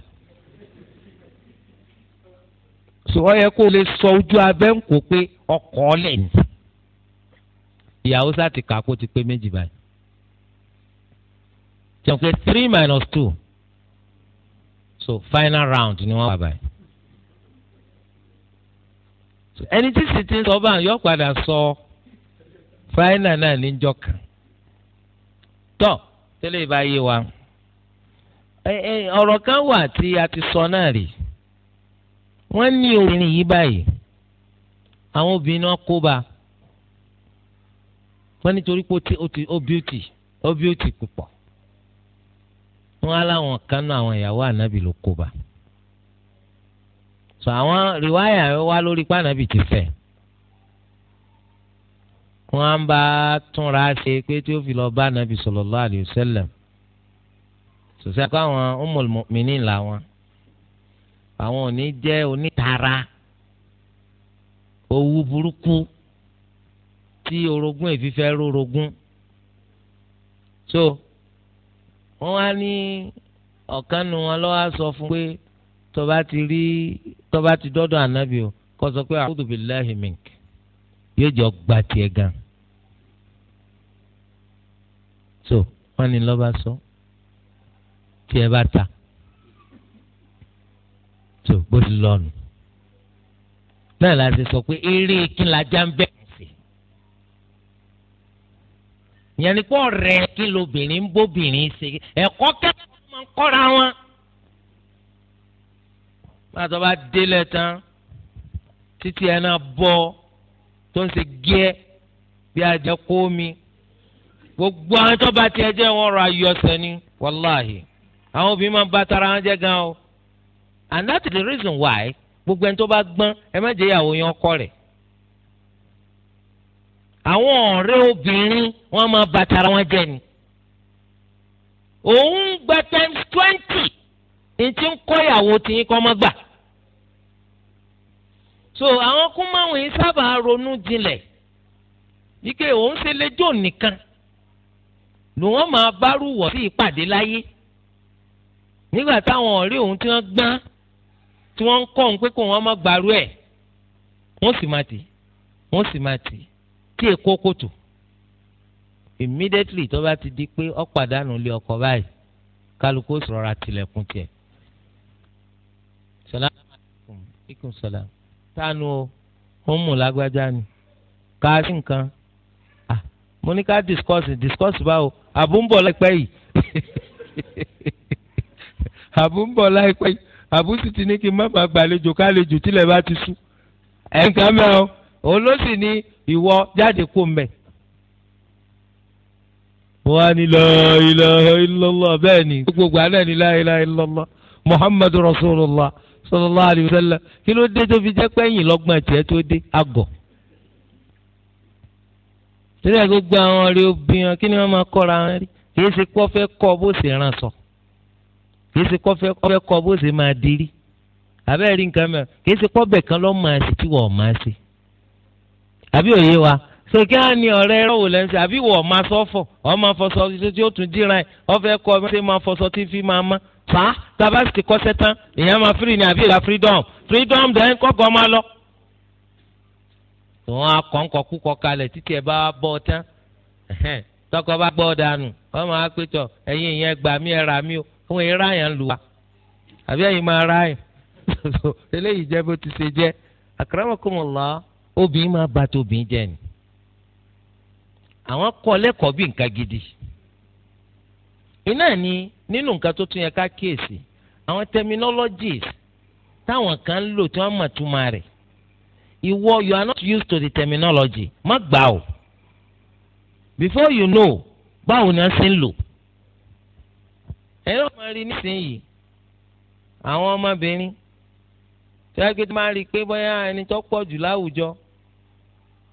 sọ ọ yẹ kó lè sọ ojú abẹ́ ń kó pé ọkọ̀ ọ̀lẹ̀ ni ìyàwó sá ti kà ti pé méjì báyìí jẹun pé three minus two so final round ni wọ́n wà báyìí ẹni tí sì ti ń sọ bá yọ padà sọ final náà níjọ́ kan tọ tẹ́lẹ̀ ìbá yé wa ọ̀rọ̀ kan wà tí a ti sọ náà rèé wọ́n ní obìnrin yìí báyìí àwọn obìnrin náà kó ba wọ́n nítorí pé ó bíútì ó bíútì púpọ̀ wọ́n á láwọn kan náà àwọn ìyàwó ànábì ló kó ba sọ àwọn rìwáyà wá lórí pé ànábì ti fẹ́ wọ́n á ń bá túnra ṣe pé tí ó fi lọ bá ànábì sallallahu alaihi wasallam sọ̀sẹ́ àkọ́ àwọn ummul mu'minin làwọn àwọn ò ní jẹ́ onítara owú burúkú tí orogún ìfífẹ́ rórogún so wọ́n wá ní ọ̀kan nu wọn lọ́wọ́ sọ fún pé tọba ti rí tọba ti dọ́dọ̀ ànábì o kó sọ pé a'udhu billahi mink yóò jọ gba tiẹ̀ gan so wọ́n ní lọ́ba sọ tiẹ̀ bá ta. So, so bó ti lọ́nu náà la ṣe sọ pé eré kí la já ń bẹ̀rẹ̀ sí ìyẹn ni pé ọ̀rẹ́ kí lobìnrin ń bóbìnrin ṣe ẹ̀kọ́ kẹ́kọ̀ọ́ máa ń kọ́ra wọn pàtó bá délẹ̀ tán títí ẹ̀ náà bọ́ tó ń ṣe gíẹ́ bí ajẹ́ kó mi gbogbo àwọn tó bá tiẹ̀ jẹ́ wọn rọ ayọ̀sẹ̀ ni wàláhì àwọn obìnrin máa ń bá tara wọn jẹ́ gan o and that is the reason why gbogbo ẹni tó bá gbọ́n ẹ má jẹ́ ìyàwó yẹn ọkọ rẹ̀ àwọn ọ̀rẹ́ obìnrin wọ́n máa bà tara wọn jẹ́ ni òun gba times twenty ní ti ń kọ́ ìyàwó tiyín kọ́ mọ́ gbà so àwọn kúmáwọn yìí sábà ronú jinlẹ̀ wípé òun ṣe lẹ́jọ́ nìkan lòun máa bárù wọ̀ sí ìpàdé láyé nígbà táwọn ọ̀rẹ́ òun ti wọ́n gbọ́n tí wọ́n ń kọ́ òun pé kó wọ́n má gbàrú ẹ̀ wọ́n sì máa tì wọ́n sì máa tì tí èkó kòtò immediately tó bá ti di pé ó pàdánù lé ọkọ báyìí kálukú sọ̀rọ̀ àtìlẹ̀kùn tiẹ̀. aleykum salaam tánu o ó mú lágbájá ni ká sí nǹkan mo ní ká discuss discuss báwo àbúmbọ̀ láìpẹ́ yìí àbúmbọ̀ láìpẹ́ yìí àbúsí ti ní kí n má máa gbàlejò kálejò tílẹ̀ bá ti sú ẹ̀ǹkan mẹ́ o olóṣì ni ìwọ jáde kó mẹ́. wọ́n á ní la ilaha illallah bẹ́ẹ̀ ni gbogbo àná ní la ilaha illallah muhammadu rasulullah sallallahu alayhi wa sallam kí ló dé tó fi jẹ́ pẹ́yìn lọ́gbọ̀n tiẹ̀ tó dé àgọ̀. sílẹ̀ gbogbo àwọn rí obìnrin kí ni wọ́n máa kọ́ra wọn rí kì í ṣe pọ́ fẹ́ kọ́ bó sì ràn sọ kì í ṣe kọ́ fẹ́ kọ́ bó ṣe máa dirí àbẹ́ẹ̀ rí nǹkan mẹ́rin kì í ṣe kọ́ bẹ̀ kan lọ́ máa ṣe tí wọ́n máa ṣe àbí òye wa so kí á ní ọ̀rẹ́ ẹ̀rọ àbí wọ́n máa sọ́fọ̀ ọ́ máa tí ó tún jíra ẹ̀ ọ́ fẹ́ kọ́ ọ́ ṣe tí fi máa má fà á tábà sì ti tán ìyẹn máa free ni àbí ìlà freedom freedom dẹ́n kọ́kọ́ máa lọ. wọ́n á kọ́ ńkọ́ kúkọ́ kalẹ̀ títí ẹ̀ bá bọ́ tán tọkọ bá gbọ́ dànù wọ́n máa pé tọ̀ ìyẹn gbà mí ẹ̀ rà mí o òun èrà yẹn lù wá àbí ẹ̀yin máa ra yẹn eléyìí jẹ́ bó ti ṣe jẹ́ akramakumullah obìnrin máa bá tóbìnrin jẹ́ ni àwọn kọ́ lẹ́kọ̀ọ́ bí nǹkan gidi iná ni nínú nǹkan tó tún yẹ ká kíyèsí àwọn terminologies táwọn kan ń lò tí wọ́n mọ̀ túmọ̀ rẹ̀ ìwọ you are not used to the terminology má gbà o before you know báwo ni wọ́n ṣe ń lò. ẹ náà rí nísìnyí àwọn ọmọbìnrin tí wọ́n gbé máa rí i pé bóyá ẹni tó pọ̀ jù láwùjọ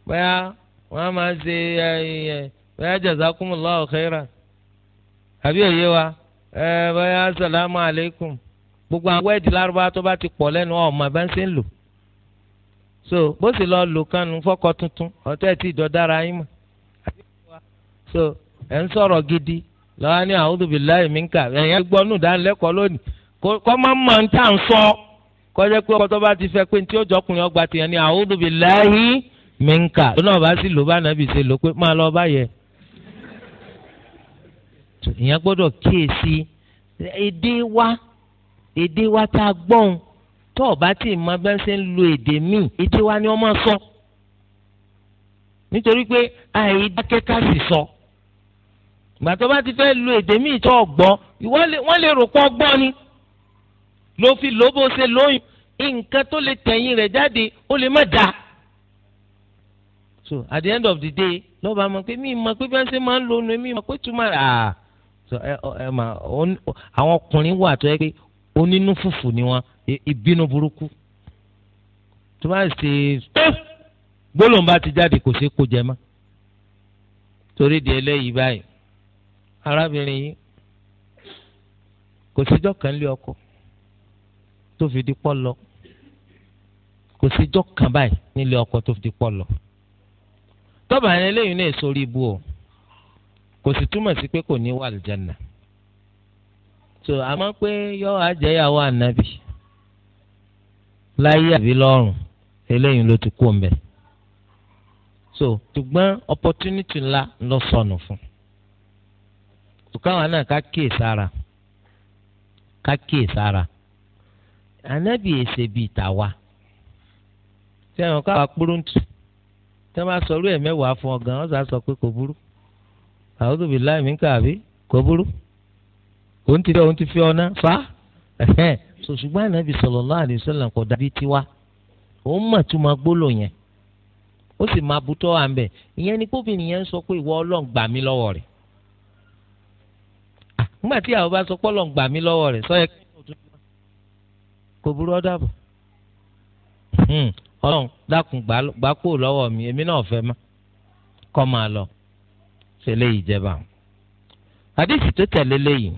bóyá wọ́n á máa ṣe bóyá jazakumullahu khairan àbí òye wa bóyá gbogbo àwọn wẹ́ẹ̀dì lárúbá tó bá ti pọ̀ lẹ́nu ọmọ bá ń so bó sì lọ lò kánú tuntun ọ̀tọ́ ẹ̀ tí ìdọ̀dára yín so ẹ̀ ń gidi lọ́wọ́ ní a'udhu billahi minka ẹ̀yẹ́ gbọ́nù dánilẹ́kọ̀ọ́ lónìí kọ́ máa ń mọ̀ ń tà ń sọ kọjá pé ọkọ tó bá ti fẹ́ pé tí ó jọkùnrin ọgbà tiẹ̀ ní a'udhu billahi minka lọ́nà ọba sì ló bá nàbì ṣe ló pé máa lọ bá ìyẹn gbọ́dọ̀ kíyèsí èdè wa èdè wa tá a gbọ́n tó ọba tí ì mọ bẹ́ẹ̀ ṣe ń lo èdè míì èdè wa ni wọ́n sọ nítorí pé àìdákẹ́kà sì sọ. So ìgbà tó bá ti fẹ́ lu èdè míì tó gbọ́ wọ́n lè rò pọ̀ gbọ́ ni ló fi lóbó ṣe lóyún nǹkan tó lè tẹ̀yìn rẹ̀ jáde ó lè má dáa so at the end of the day lọ́ba mọ̀ pé mí mọ̀ pé bí wọ́n ṣe máa ń lónú mí mọ̀ pé túmọ̀ rà so ẹ ẹ mà àwọn ọkùnrin wà tó yẹ pé onínú fùfù ni wọn ìbínú burúkú tó bá ṣe gbólóhùn ti jáde kò ṣeé kó jẹ mọ́ torí di eléyìí báyìí arábìnrin yìí kò síjọ́ kan lé ọkọ tó fi di pọ́ lọ kò síjọ́ kan báyìí nílé ọkọ tó fi di pọ́ lọ tọ́ba ẹni eléyìí náà sórí ibu o kò sì túmọ̀ sí pé kò ní wà lìjànà so àmọ́ pé yọ àjẹyàwó ànábì láyé àbí lọ́rùn eléyìí ló ti kú ọ̀mẹ́ so ṣùgbọ́n opportunity ńlá lọ sọnù fún káwọn náà ká kíè sára ká kíè sára ànábì èsè bíi tàwa tí àwọn káwa kúrúntù tí wọn bá sọ orí ẹ mẹ́wàá fún ọ gan ọ sà sọ pé kò burú àwọn tóbi láì mí kò burú òun ti fi òun ti fi ọ náà fa ṣùgbọ́n ànábì sallallahu alaihi wasallam kò dàbí tiwa òun mọ̀ tó máa gbólò yẹn ó sì máa butọ́ à ìyẹn ni kóbìnrin yẹn ń sọ pé ìwọ ọlọ́run gbà mí lọ́wọ́ rẹ̀ nígbà tí àwọn bá sọ ọ Ọlọ́run gbà mí lọ́wọ́ rẹ̀ sọ́yẹ́ kò burú ọ́ dàbọ̀ hmm, Ọlọ́run dákun gbà kó lọ́wọ́ mi èmi náà fẹ́ má kọ́ máa lọ ṣe léyìí jẹba. hadisi tó tẹ̀lé léyìí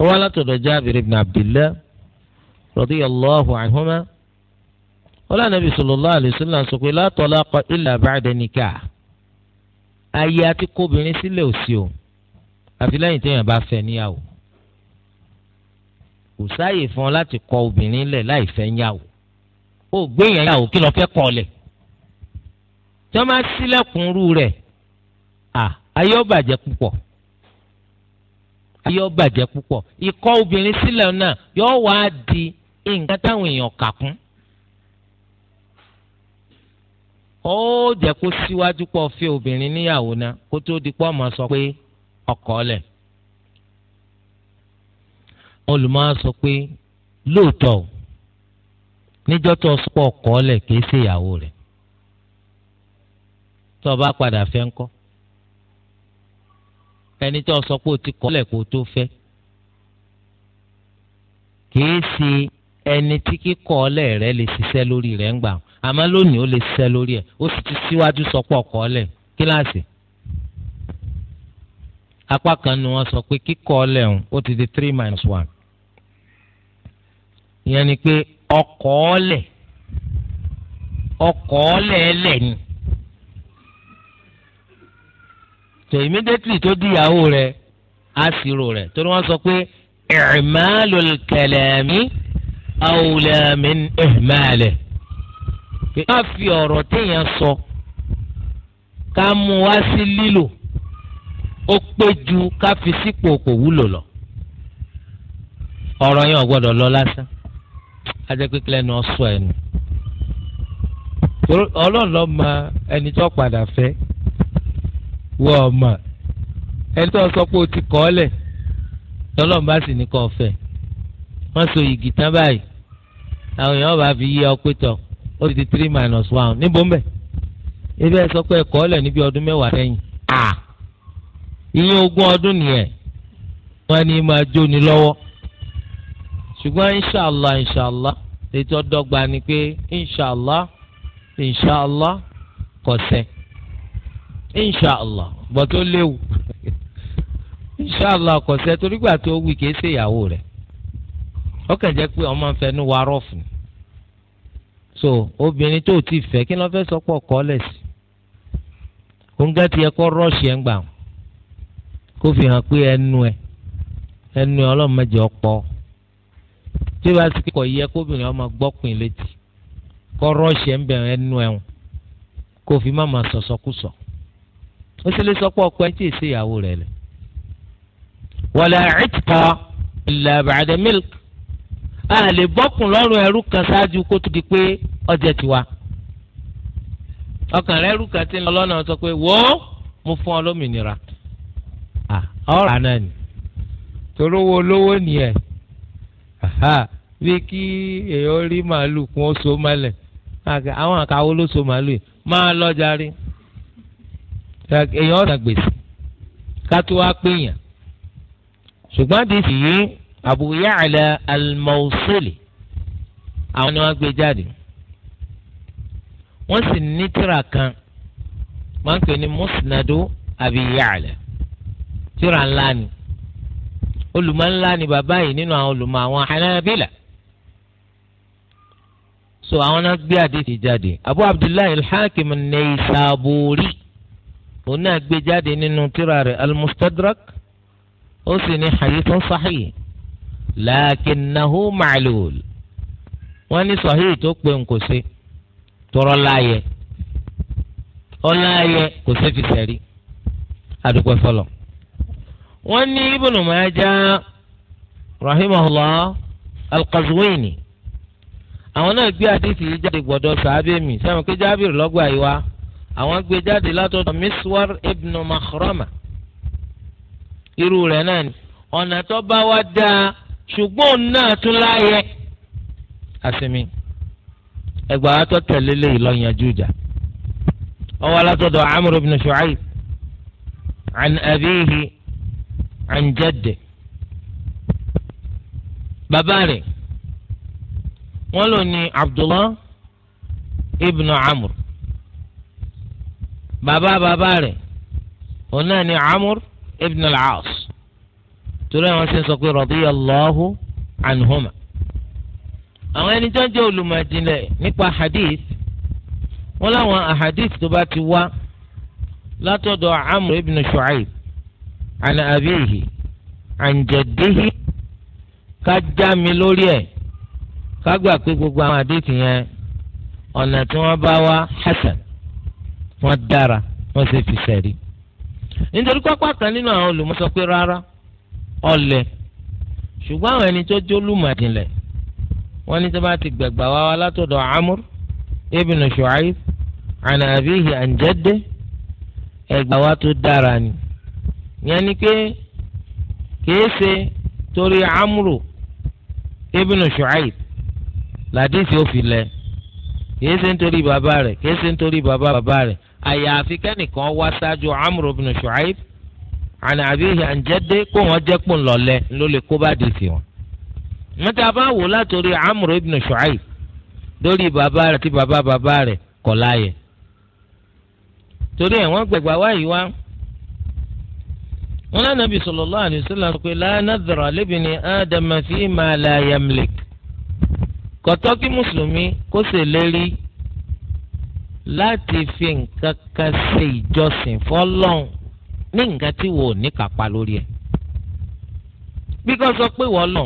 ó wá látọ̀dọ̀ Jábìrì ibn Abdillah radiyallahu anhuma ọlọ́run nàbì sallallahu alaihi wasallam ayé àti kóbìnrin sílẹ̀ òsì àfi lẹ́yìn téèyàn bá fẹ́ níyàwó kò sáàyè fún ọ láti kọ obìnrin lẹ̀ láì fẹ́ níyàwó ó gbé yẹn yàwó kí lọ fẹ́ kọ lẹ̀ tí wọ́n máa ṣílẹ̀kùn rú rẹ̀ à ayé ó bàjẹ́ púpọ̀ ayé ó bàjẹ́ púpọ̀ ìkọ̀ obìnrin sílẹ̀ náà yóò wá di nǹkan táwọn èèyàn kà kún ó jẹ́ kó síwájú pọ̀ fẹ́ obìnrin níyàwó náà kó tó di pọ́ ọmọ sọ pé ọkọ lẹ̀ olùmọ̀ sọ pé lóòótọ́ o níjọ́ tó sọ ọkọ lẹ̀ kìí ṣe ìyàwó rẹ̀ tó o bá padà fẹ́ ńkọ́ ẹni tó sọ pé o ti kọ́ lẹ̀ kó o tó fẹ́ kìí ṣe ẹni tí kíkọ́ ọlẹ̀ rẹ lè ṣiṣẹ́ lórí rẹ̀ ń gbà àmọ́ lónìí ó lè ṣiṣẹ́ lórí ẹ̀ ó sì ti síwájú sọpọ̀ ọkọ̀ kíláàsì apá kan ni wọ́n sọ pé kíkọ́ ọlẹ́hùn ó ti di three minus one ìyẹn ni pé ọkọ̀ ọlẹ̀ ọkọ̀ ọlẹ̀ ẹlẹ̀ ni so immediately tó di ìyàwó rẹ̀ á ṣírò rẹ̀ torí wọ́n sọ pé i'malul kalami awla min ihmalihi pé fi ọ̀rọ̀ téèyàn sọ ká mú wá sí lílò ó pé ju ká fi sípò kò wúlò lọ ọ̀rọ̀ yẹn ò gbọ́dọ̀ lọ lásán ajẹ́pẹ́kẹ́lẹ́ ni wọ́n sọ ẹnu ọlọ́ọ̀lọ́ mọ ẹni tó padà fẹ́ wọ́n ọmọ ẹni tó sọ pé o ti kọ́ ọ́lẹ̀ lọ́lọ́run bá sì ní kọ́ ọ̀fẹ́ wọ́n so yìgì tán báyìí àwọn èèyàn bá fi yí ọ pé tọ̀ ó ti di three minus one níbo ń bẹ̀ ebi ẹ sọ pé ẹ̀kọ́ ọ̀lẹ̀ níbi ọdún mẹ́wàá sẹ́yìn ah! iye ogún ọdún nìyẹn wọn ní máa jóni lọ́wọ́ ṣùgbọ́n inṣàlá inṣàlá ètò ọdọgba ni pé inṣàlá inṣàlá kọ̀sẹ̀ inṣàlá gbọ́ tó léwu inṣàlá kọ̀sẹ̀ torí gbà tó wí kìí ṣe ìyàwó rẹ̀ ó kàn jẹ́ pé ọmọ ń fẹnu wa rọ́ọ̀fù so obìnrin tó ti fẹ́ kí ló fẹ́ sọ́pọ̀ kọ́ lẹ̀ sí òun gẹ́ tiẹ̀ kọ́ rọ́ọ̀ṣì ẹ̀ ń gbà wọn kó fi hàn pé ẹnu ẹ ẹnu ẹ ọlọ́run mẹ́jọ ọ̀pọ̀ tí wàá sì kọ̀ yẹ kóbìnrin ọmọ gbọ́pin létí kọ́ rọ́ọ̀ṣì ẹ̀ ń bẹ̀rẹ̀ ẹnu ẹ̀hún kó fi má máa sọ̀sọ́kùsọ. ó sì lè sọ pé ọkọ ẹ tí ì sí ìyàwó rẹ̀ lẹ̀. wala itqa illa ba'da milk a lè bọ́kùn lọ́rùn ẹrú kan ṣáájú kó tó di pé ọjà tiwa. ọkàn rẹ̀ ẹrú kan ti ń lọ lọ́nà sọ pé wò mo fún ọ lómìnira ọ̀rà ah, náà ni torí owó olówó nìyẹn bí kí èèyàn rí màálù kún ó so mọ́lẹ̀ àwọn àkàwọ́ ló so màálù yìí máa lọ jàre èèyàn ọ̀nà gbèsè ká tó wá péyàn ṣùgbọ́n àdìsí yìí Abu Ya'la al-Mawsili àwọn ni wọ́n gbé jáde wọ́n sì ní tírà kan máa ń pè ní Musnadu Abi Ya'la tíra ńlá ni olùmọ̀ ńlá ni bàbá yìí nínú àwọn olùmọ̀ àwọn Hanabila so àwọn náà gbé àdéhìí jáde abu abdullahi alhakim neisaburi òun náà gbé jáde nínú tíra rẹ̀ almustadrak ó sì ní hadithun sahih lakinnahu ma'lul wọ́n ní sahih tó pé ń kò sí tọrọ láàyè ọláyè kò sí fi sẹrí adúpẹ́ fọlọ wọ́n ní ibùnú máa já rahimahullah alqazwini àwọn náà gbé àdìsí yìí jáde gbọ́dọ̀ sàábẹmì sẹwọn pé jábìrì lọgbà yìí wá àwọn gbé jáde látọ̀dọ̀ miswar ibn makhrama irú rẹ̀ náà ni ọ̀nà tó bá wá dáa ṣùgbọ́n náà tún láàyè àsìmí ẹgbàá tó tẹ̀lé lè lọ́yànjú ìjà ọwọ́ látọ̀dọ̀ amr ibn shu'aib an abiyihi an jaddi bàbá rẹ̀ wọ́n lò ní Abdullah ibn Amr bàbá bàbá rẹ̀ òun náà ní Amr ibn al-As torí àwọn ṣe ń sọ pé radiyallahu anhuma àwọn ẹni tó ń jẹ́ olùmọ̀jìnlẹ̀ nípa hadith wọ́n láwọn ahadith tó bá ti wá látọ̀dọ̀ Amr ibn Shu'aib àna àbíyì àǹjẹ̀déhì ká já mi lórí ẹ̀ ká gbà pé gbogbo àwọn àdéhìí yẹn ọ̀nà tí wọ́n bá wá hasan wọ́n dára wọ́n sì fi sẹ̀rí. nítorí pápá kan nínú àwọn olùmọ̀sọ pé rárá ọ̀lẹ̀ ṣùgbọ́n àwọn ẹni tó jólúmọ̀dínlẹ̀ wọ́n ní tí wọ́n bá ti gbẹ̀gbà wá wá látọ̀dọ̀ amúr ibn shu'aib àna àbíyì àǹjẹ̀dé ẹgbàá wa tó dára ni yẹn ni pé kìí ṣe torí amúrò ibnu shu'aib làdísì ó fi lẹ kìí ṣe nítorí bàbá rẹ̀ kìí ṣe nítorí bàbá bàbá rẹ̀ àyàfi kẹ́nìkan wá ṣáájú amúrò ibnu shu'aib àná àbíyí àǹjẹ́dé kó wọ́n jẹ́ pò ńlọlẹ́ ló lè kó bá dìsì wọn. mọ́tà bá wò látòrí amúrò ibnu shu'aib lórí bàbá rẹ̀ àti bàbá bàbá rẹ̀ kọ̀ láàyè. torí ẹ̀ wọ́n gbẹ̀gbà wáyé wá. Wa, wọn lánàá bí sallallahu alaihi wasallam pé la nadhra libni ádámà fi ma la yamlik kọtọ kí mùsùlùmí kó sì lérí láti fi nǹkan kan ṣe ìjọsìn fọ́lọ́run ní nǹkan tí wò ní kápá lórí ẹ̀ bí kò sọ pé wọ́n lọ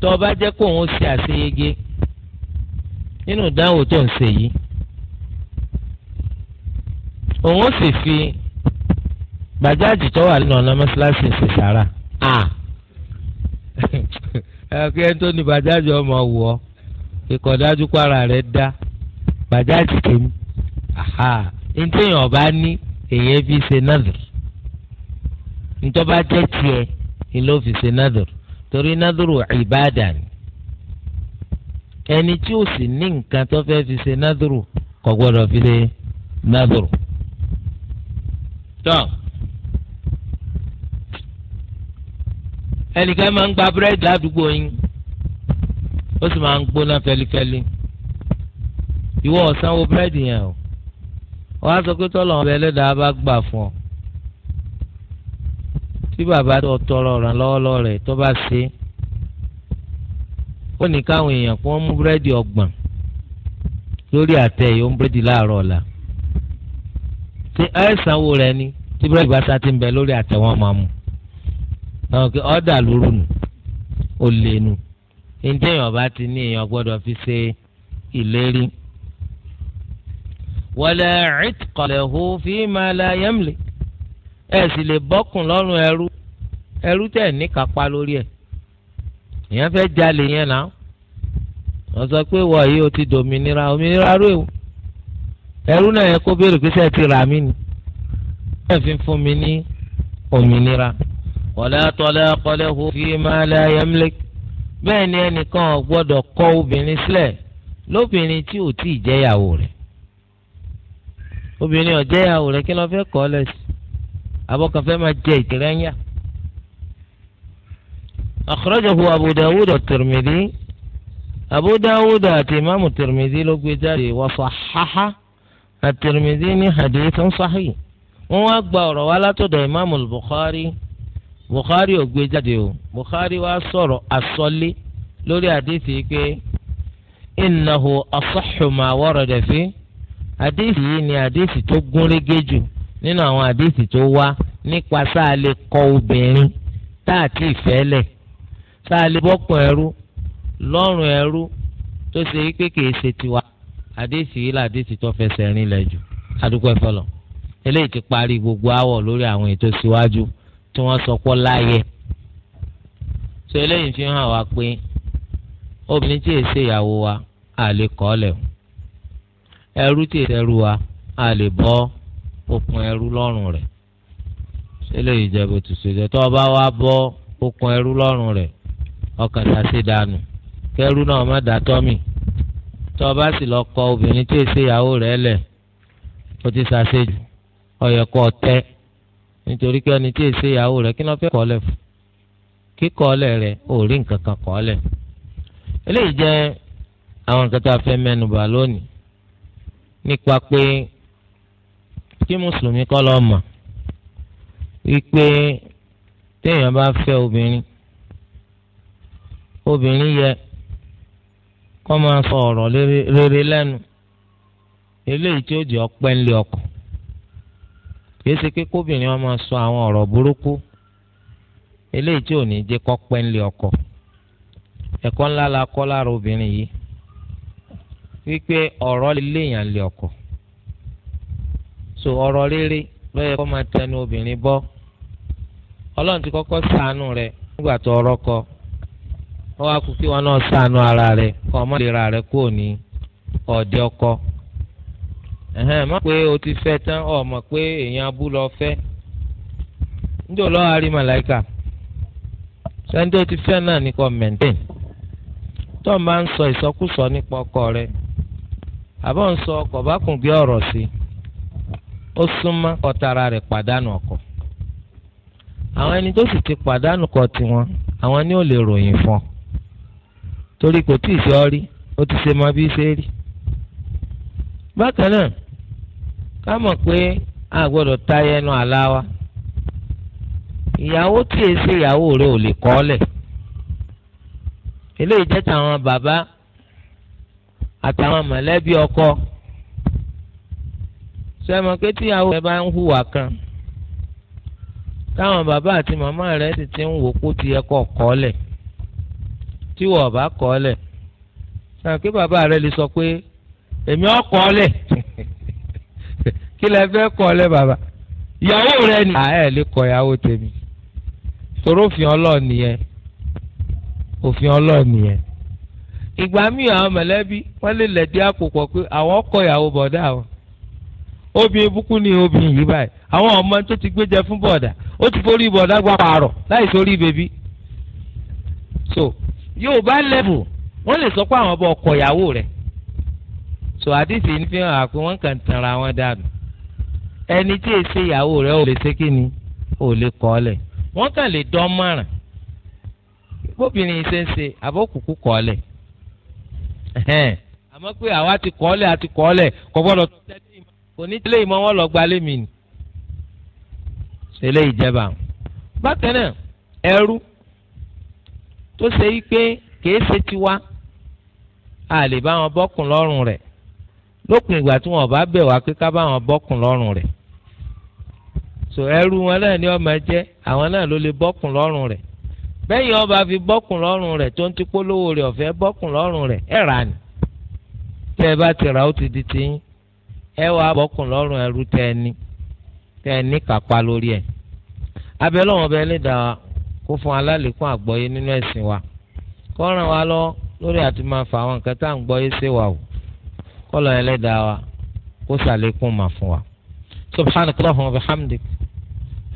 tó bá jẹ́ kó ṣe àṣeyege nínú ìdánwò tó ń ṣe yìí òun sì fi. bajaji tó wà nínú ọ̀nà mọ́ṣáláṣí ṣe sára kí ẹni tó ní bàjáàjì ọmọ wù ọ ikọ̀ dájú para rẹ̀ dá bàjáàjì tèmi ntẹ̀yìn ọba ní èyí fi ṣe nàdùr ntọ́ba jẹ́ tiẹ̀ ni ló fi ṣe nàdùr torí nàdùr ìbàdàn ẹni tí ó sì ní nǹkan fi ṣe nàdùr kò gbọ́dọ̀ fi ẹnìkan máa ń gba búrẹ́dì ládùúgbò yín ó sì máa ń gbóná fẹlifẹli ìwọ ọ̀sánwó búrẹ́dì yẹn o wọ́n á sọ pé tọ́lọ̀ ọ̀bẹ ẹlẹ́dàá bá gbà fún ọ tí bàbá tó tọrọ ràn lọ́wọ́lọ́wọ́ rẹ̀ tó bá ṣe ó ní káwọn èèyàn kó wọ́n mú búrẹ́dì ọgbọ̀n lórí àtẹ yìí ó ń búrẹ́dì láàárọ̀ ọ̀la ṣé ẹ̀sánwó rẹ ni tí búrẹ́dì bá sá ti ń bẹ lórí àtẹ wọn máa mú ọkẹ ọdà lóru nù ó lé nu ǹjẹ́ èèyàn bá ti ní èèyàn gbọ́dọ̀ fi ṣe ìlérí. wala itqa lahu fima la yamlik ẹ̀ sì lè bọ́kùn lọ́rùn ẹrú ẹrú tẹ̀ ní kápá lórí ẹ̀ èèyàn fẹ́ jalè yẹn náà wọ́n sọ pé wọ̀nyí o ti dòmìnira òmìnira rẹ̀ o ẹrú náà yẹ kó béèrè pé sẹ́ẹ̀ ti rà mí ni ẹ̀ fi fún mi ní òmìnira wala talaqa lahu fima la yamlik bẹ́ẹ̀ ni ẹnìkan ò gbọ́dọ̀ kọ̀ obìnrin sílẹ̀ lóbìnrin tí ò tí ì jẹ́yàwó rẹ̀ obìnrin ò jẹ́yàwó rẹ̀ kí ló fẹ́ kọ̀ ọ́ lẹ́sìn abọ́kan fẹ́ máa jẹ ìtìrẹ́yìn. akhrajahu abu dawud at-tirmidhi abu dawud àti imaamu tirmidhi ló gbé jáde wa sahhaha at-tirmidhi ní hadithan sahih wọ́n wá gba ọ̀rọ̀ wa látọ̀dọ̀ imaamu bukhari. Bukhari ò gbé jáde o Bukhari wá sọ̀rọ̀ àsọlé lórí àdìsí pé innahu asahhu ma warada fi àdìsí yìí ni àdìsí tó gún régé jù nínú àwọn àdìsí tó wá nípa sáà lè kọ obìnrin tá a ti fẹ́ lẹ̀ sáà lè bọ́kùn ẹrú lọ́rùn ẹrú tó ṣe wípé kìí ṣe tiwa àdìsí yìí làdìsí tó fẹsẹ̀ rìn lẹ̀ jù adúpẹ́ fọlọ́ eléyìí ti parí gbogbo àwọ̀ lórí àwọn ètò síwájú tí wọ́n sọ pọ́ láàyè so eléyìí fi hàn wá pé obìnrin tí èsè ìyàwó wa a lè kọ́ lẹ̀ ẹrú tí èsè ẹrú wa a lè bọ́ okùn ẹrú lọ́rùn rẹ̀ so eléyìí jẹ́ bó ti ṣe jẹ́ tó o bá wá bọ́ okùn ẹrú lọ́rùn rẹ̀ ọkàn tá a dànù kẹrú náà má dà tọ́mì tó o bá sì lọ kọ obìnrin tí èsè ìyàwó rẹ̀ lẹ̀ o ti ṣàṣejù ó tẹ́ nítorí pé ẹni tí èsè ìyàwó rẹ̀ kí ni wọ́n fẹ́ kọ́ lẹ̀ fún kíkọ́ ọlẹ̀ rẹ̀ ò rí nǹkan kan kọ́ ọlẹ̀ eléyìí jẹ́ àwọn nǹkan tá a fẹ́ mẹ́nubà lónìí nípa pé kí mùsùlùmí kọ́ lọ mọ̀ wípé téèyàn bá fẹ́ obìnrin obìnrin yẹ kó máa sọ ọ̀rọ̀ rere lẹ́nu eléyìí tí ó jẹ́ ọpẹ́ ńlẹ̀ ọkọ̀ kìí ṣe pé kóbìnrin wọn máa sọ àwọn ọ̀rọ̀ burúkú eléyìí tí ò ní jẹ́ ọkọ ẹ̀kọ́ ńlá la kọ́ lára obìnrin yìí wípé ọ̀rọ̀ léèyàn ọkọ so ọ̀rọ̀ rere ló yẹ máa tẹnu obìnrin bọ́ ọlọ́run ti kọ́kọ́ rẹ nígbà tó kọ wọn náà ara rẹ ọmọ ìlera rẹ kúrò ní ọkọ. ẹ̀hẹ́n mọ̀ pé o ti fẹ́ tán ọ̀ mọ̀ pé èèyàn abú lọ fẹ́ níjẹ́ o lọ́ọ́ àrí màláìkà sẹ́ńdé o ti fẹ́ náà ní kò mẹ́ńtẹ́n tó o máa ń sọ ìsọkúsọ nípa ọkọ rẹ àbọ̀ ń sọ ọkọ̀ bá kùn gbé ọ̀rọ̀ sí ó súnmọ́ ọ̀tara rẹ̀ pàdánù ọkọ̀ àwọn ẹni tó sì ti pàdánù kọ tiwọn àwọn ni ó lè ròyìn fún ọ torí kò tí ì ṣe rí ó ti ṣe mọ bí ṣe rí bákan náà ká mọ̀ pé a gbọ́dọ̀ ta ẹnu àlá wa ìyàwó tí èyí ṣe ìyàwó rẹ ò lè kọ́ lẹ̀ eléyìí jẹ́ tàwọn bàbá àtàwọn mọ̀lẹ́bí ọkọ sẹ́mọ̀ pé tíyàwó rẹ bá ń hùwà kan táwọn bàbá àti màmá rẹ sì ti ń wò kó ti yẹ kọ́ lẹ̀ tí wọ́n bá kọ́ lẹ̀ sẹ́mọ̀ pé bàbá rẹ lè sọ pé èmi ọ̀ kọ́ lẹ̀ kí lẹ fẹ́ kọ́ lẹ bàbá ìyàwó rẹ ni. àá lè kọ ìyàwó tèmi torí òfin ọlọ́ọ̀ nìyẹn òfin ọlọ́ọ̀ nìyẹn. ìgbà míì àwọn mọ̀lẹ́bí wọ́n lè lẹ̀dí àpòpọ̀ pé àwọn kọ ìyàwó bọ̀dá àwọn obìnrin búkú ni obìnrin yìí báyìí àwọn ọmọ tó ti gbé jẹ fún bọ̀dá ó ti forí bọ̀dá gba pààrọ̀ láì sórí bèbí. so yóò bá lẹ́bù wọ́n lè sọ pé àwọn ọba so àdìsí ní fi hàn àpé wọ́n kàn ẹni tí èsì ìyàwó rẹ̀ ò lè ṣe kí ni ò lè kọ́ ọ lẹ̀ wọ́n kàn lè dán márùn bóbìnrin ṣe ń ṣe àbókùkù kọ́ ọ lẹ̀ àmọ́ pé àwa ti kọ́ ọ lẹ̀ àti kọ́ ọ lẹ̀ kọ́ gbọ́dọ̀ kò ní tẹ́lẹ̀ ìmọ̀ wọn lọ gba lémi ni ṣẹlẹ̀ ìjẹba bákan náà ẹrú tó ṣe yí pé kìí ṣe tiwa a lè bá wọn bọ́kùn lọ́rùn rẹ̀ lópin ìgbà tí wọn bá bẹ̀ wá pé ká bá wọn bọ́kùn lọ́rùn rẹ̀ so ẹrú wọn náà ni ó máa jẹ́ àwọn náà ló lè bọ́kùn lọ́rùn rẹ̀ bẹ́yìn ọba fi bọ́kùn lọ́rùn rẹ̀ tó ń ti polówó rẹ̀ ọ̀fẹ́ bọ́kùn lọ́rùn rẹ̀ ẹ̀ rà ní. tẹ́ ẹ bá ti rà ó ti di tiyín ẹ wàá bọ́kùn lọ́rùn ẹrú tẹ́ ẹ ní tẹ́ ẹ ní kápá lórí ẹ̀. abẹ́lẹ́ wọn bẹ́ẹ̀ lè dà kó fún alálẹ́kùn àgbọ́yé nínú ẹ̀sìn wa kó ràn wá lọ lórí àti máa fà àwọn nǹkan tá à ń gbọ́yé sí wa o kọ́ lọ́ ẹlẹ́dàá wa kó sàlékún mà fún wa. subhanaka Allahumma wa bihamdik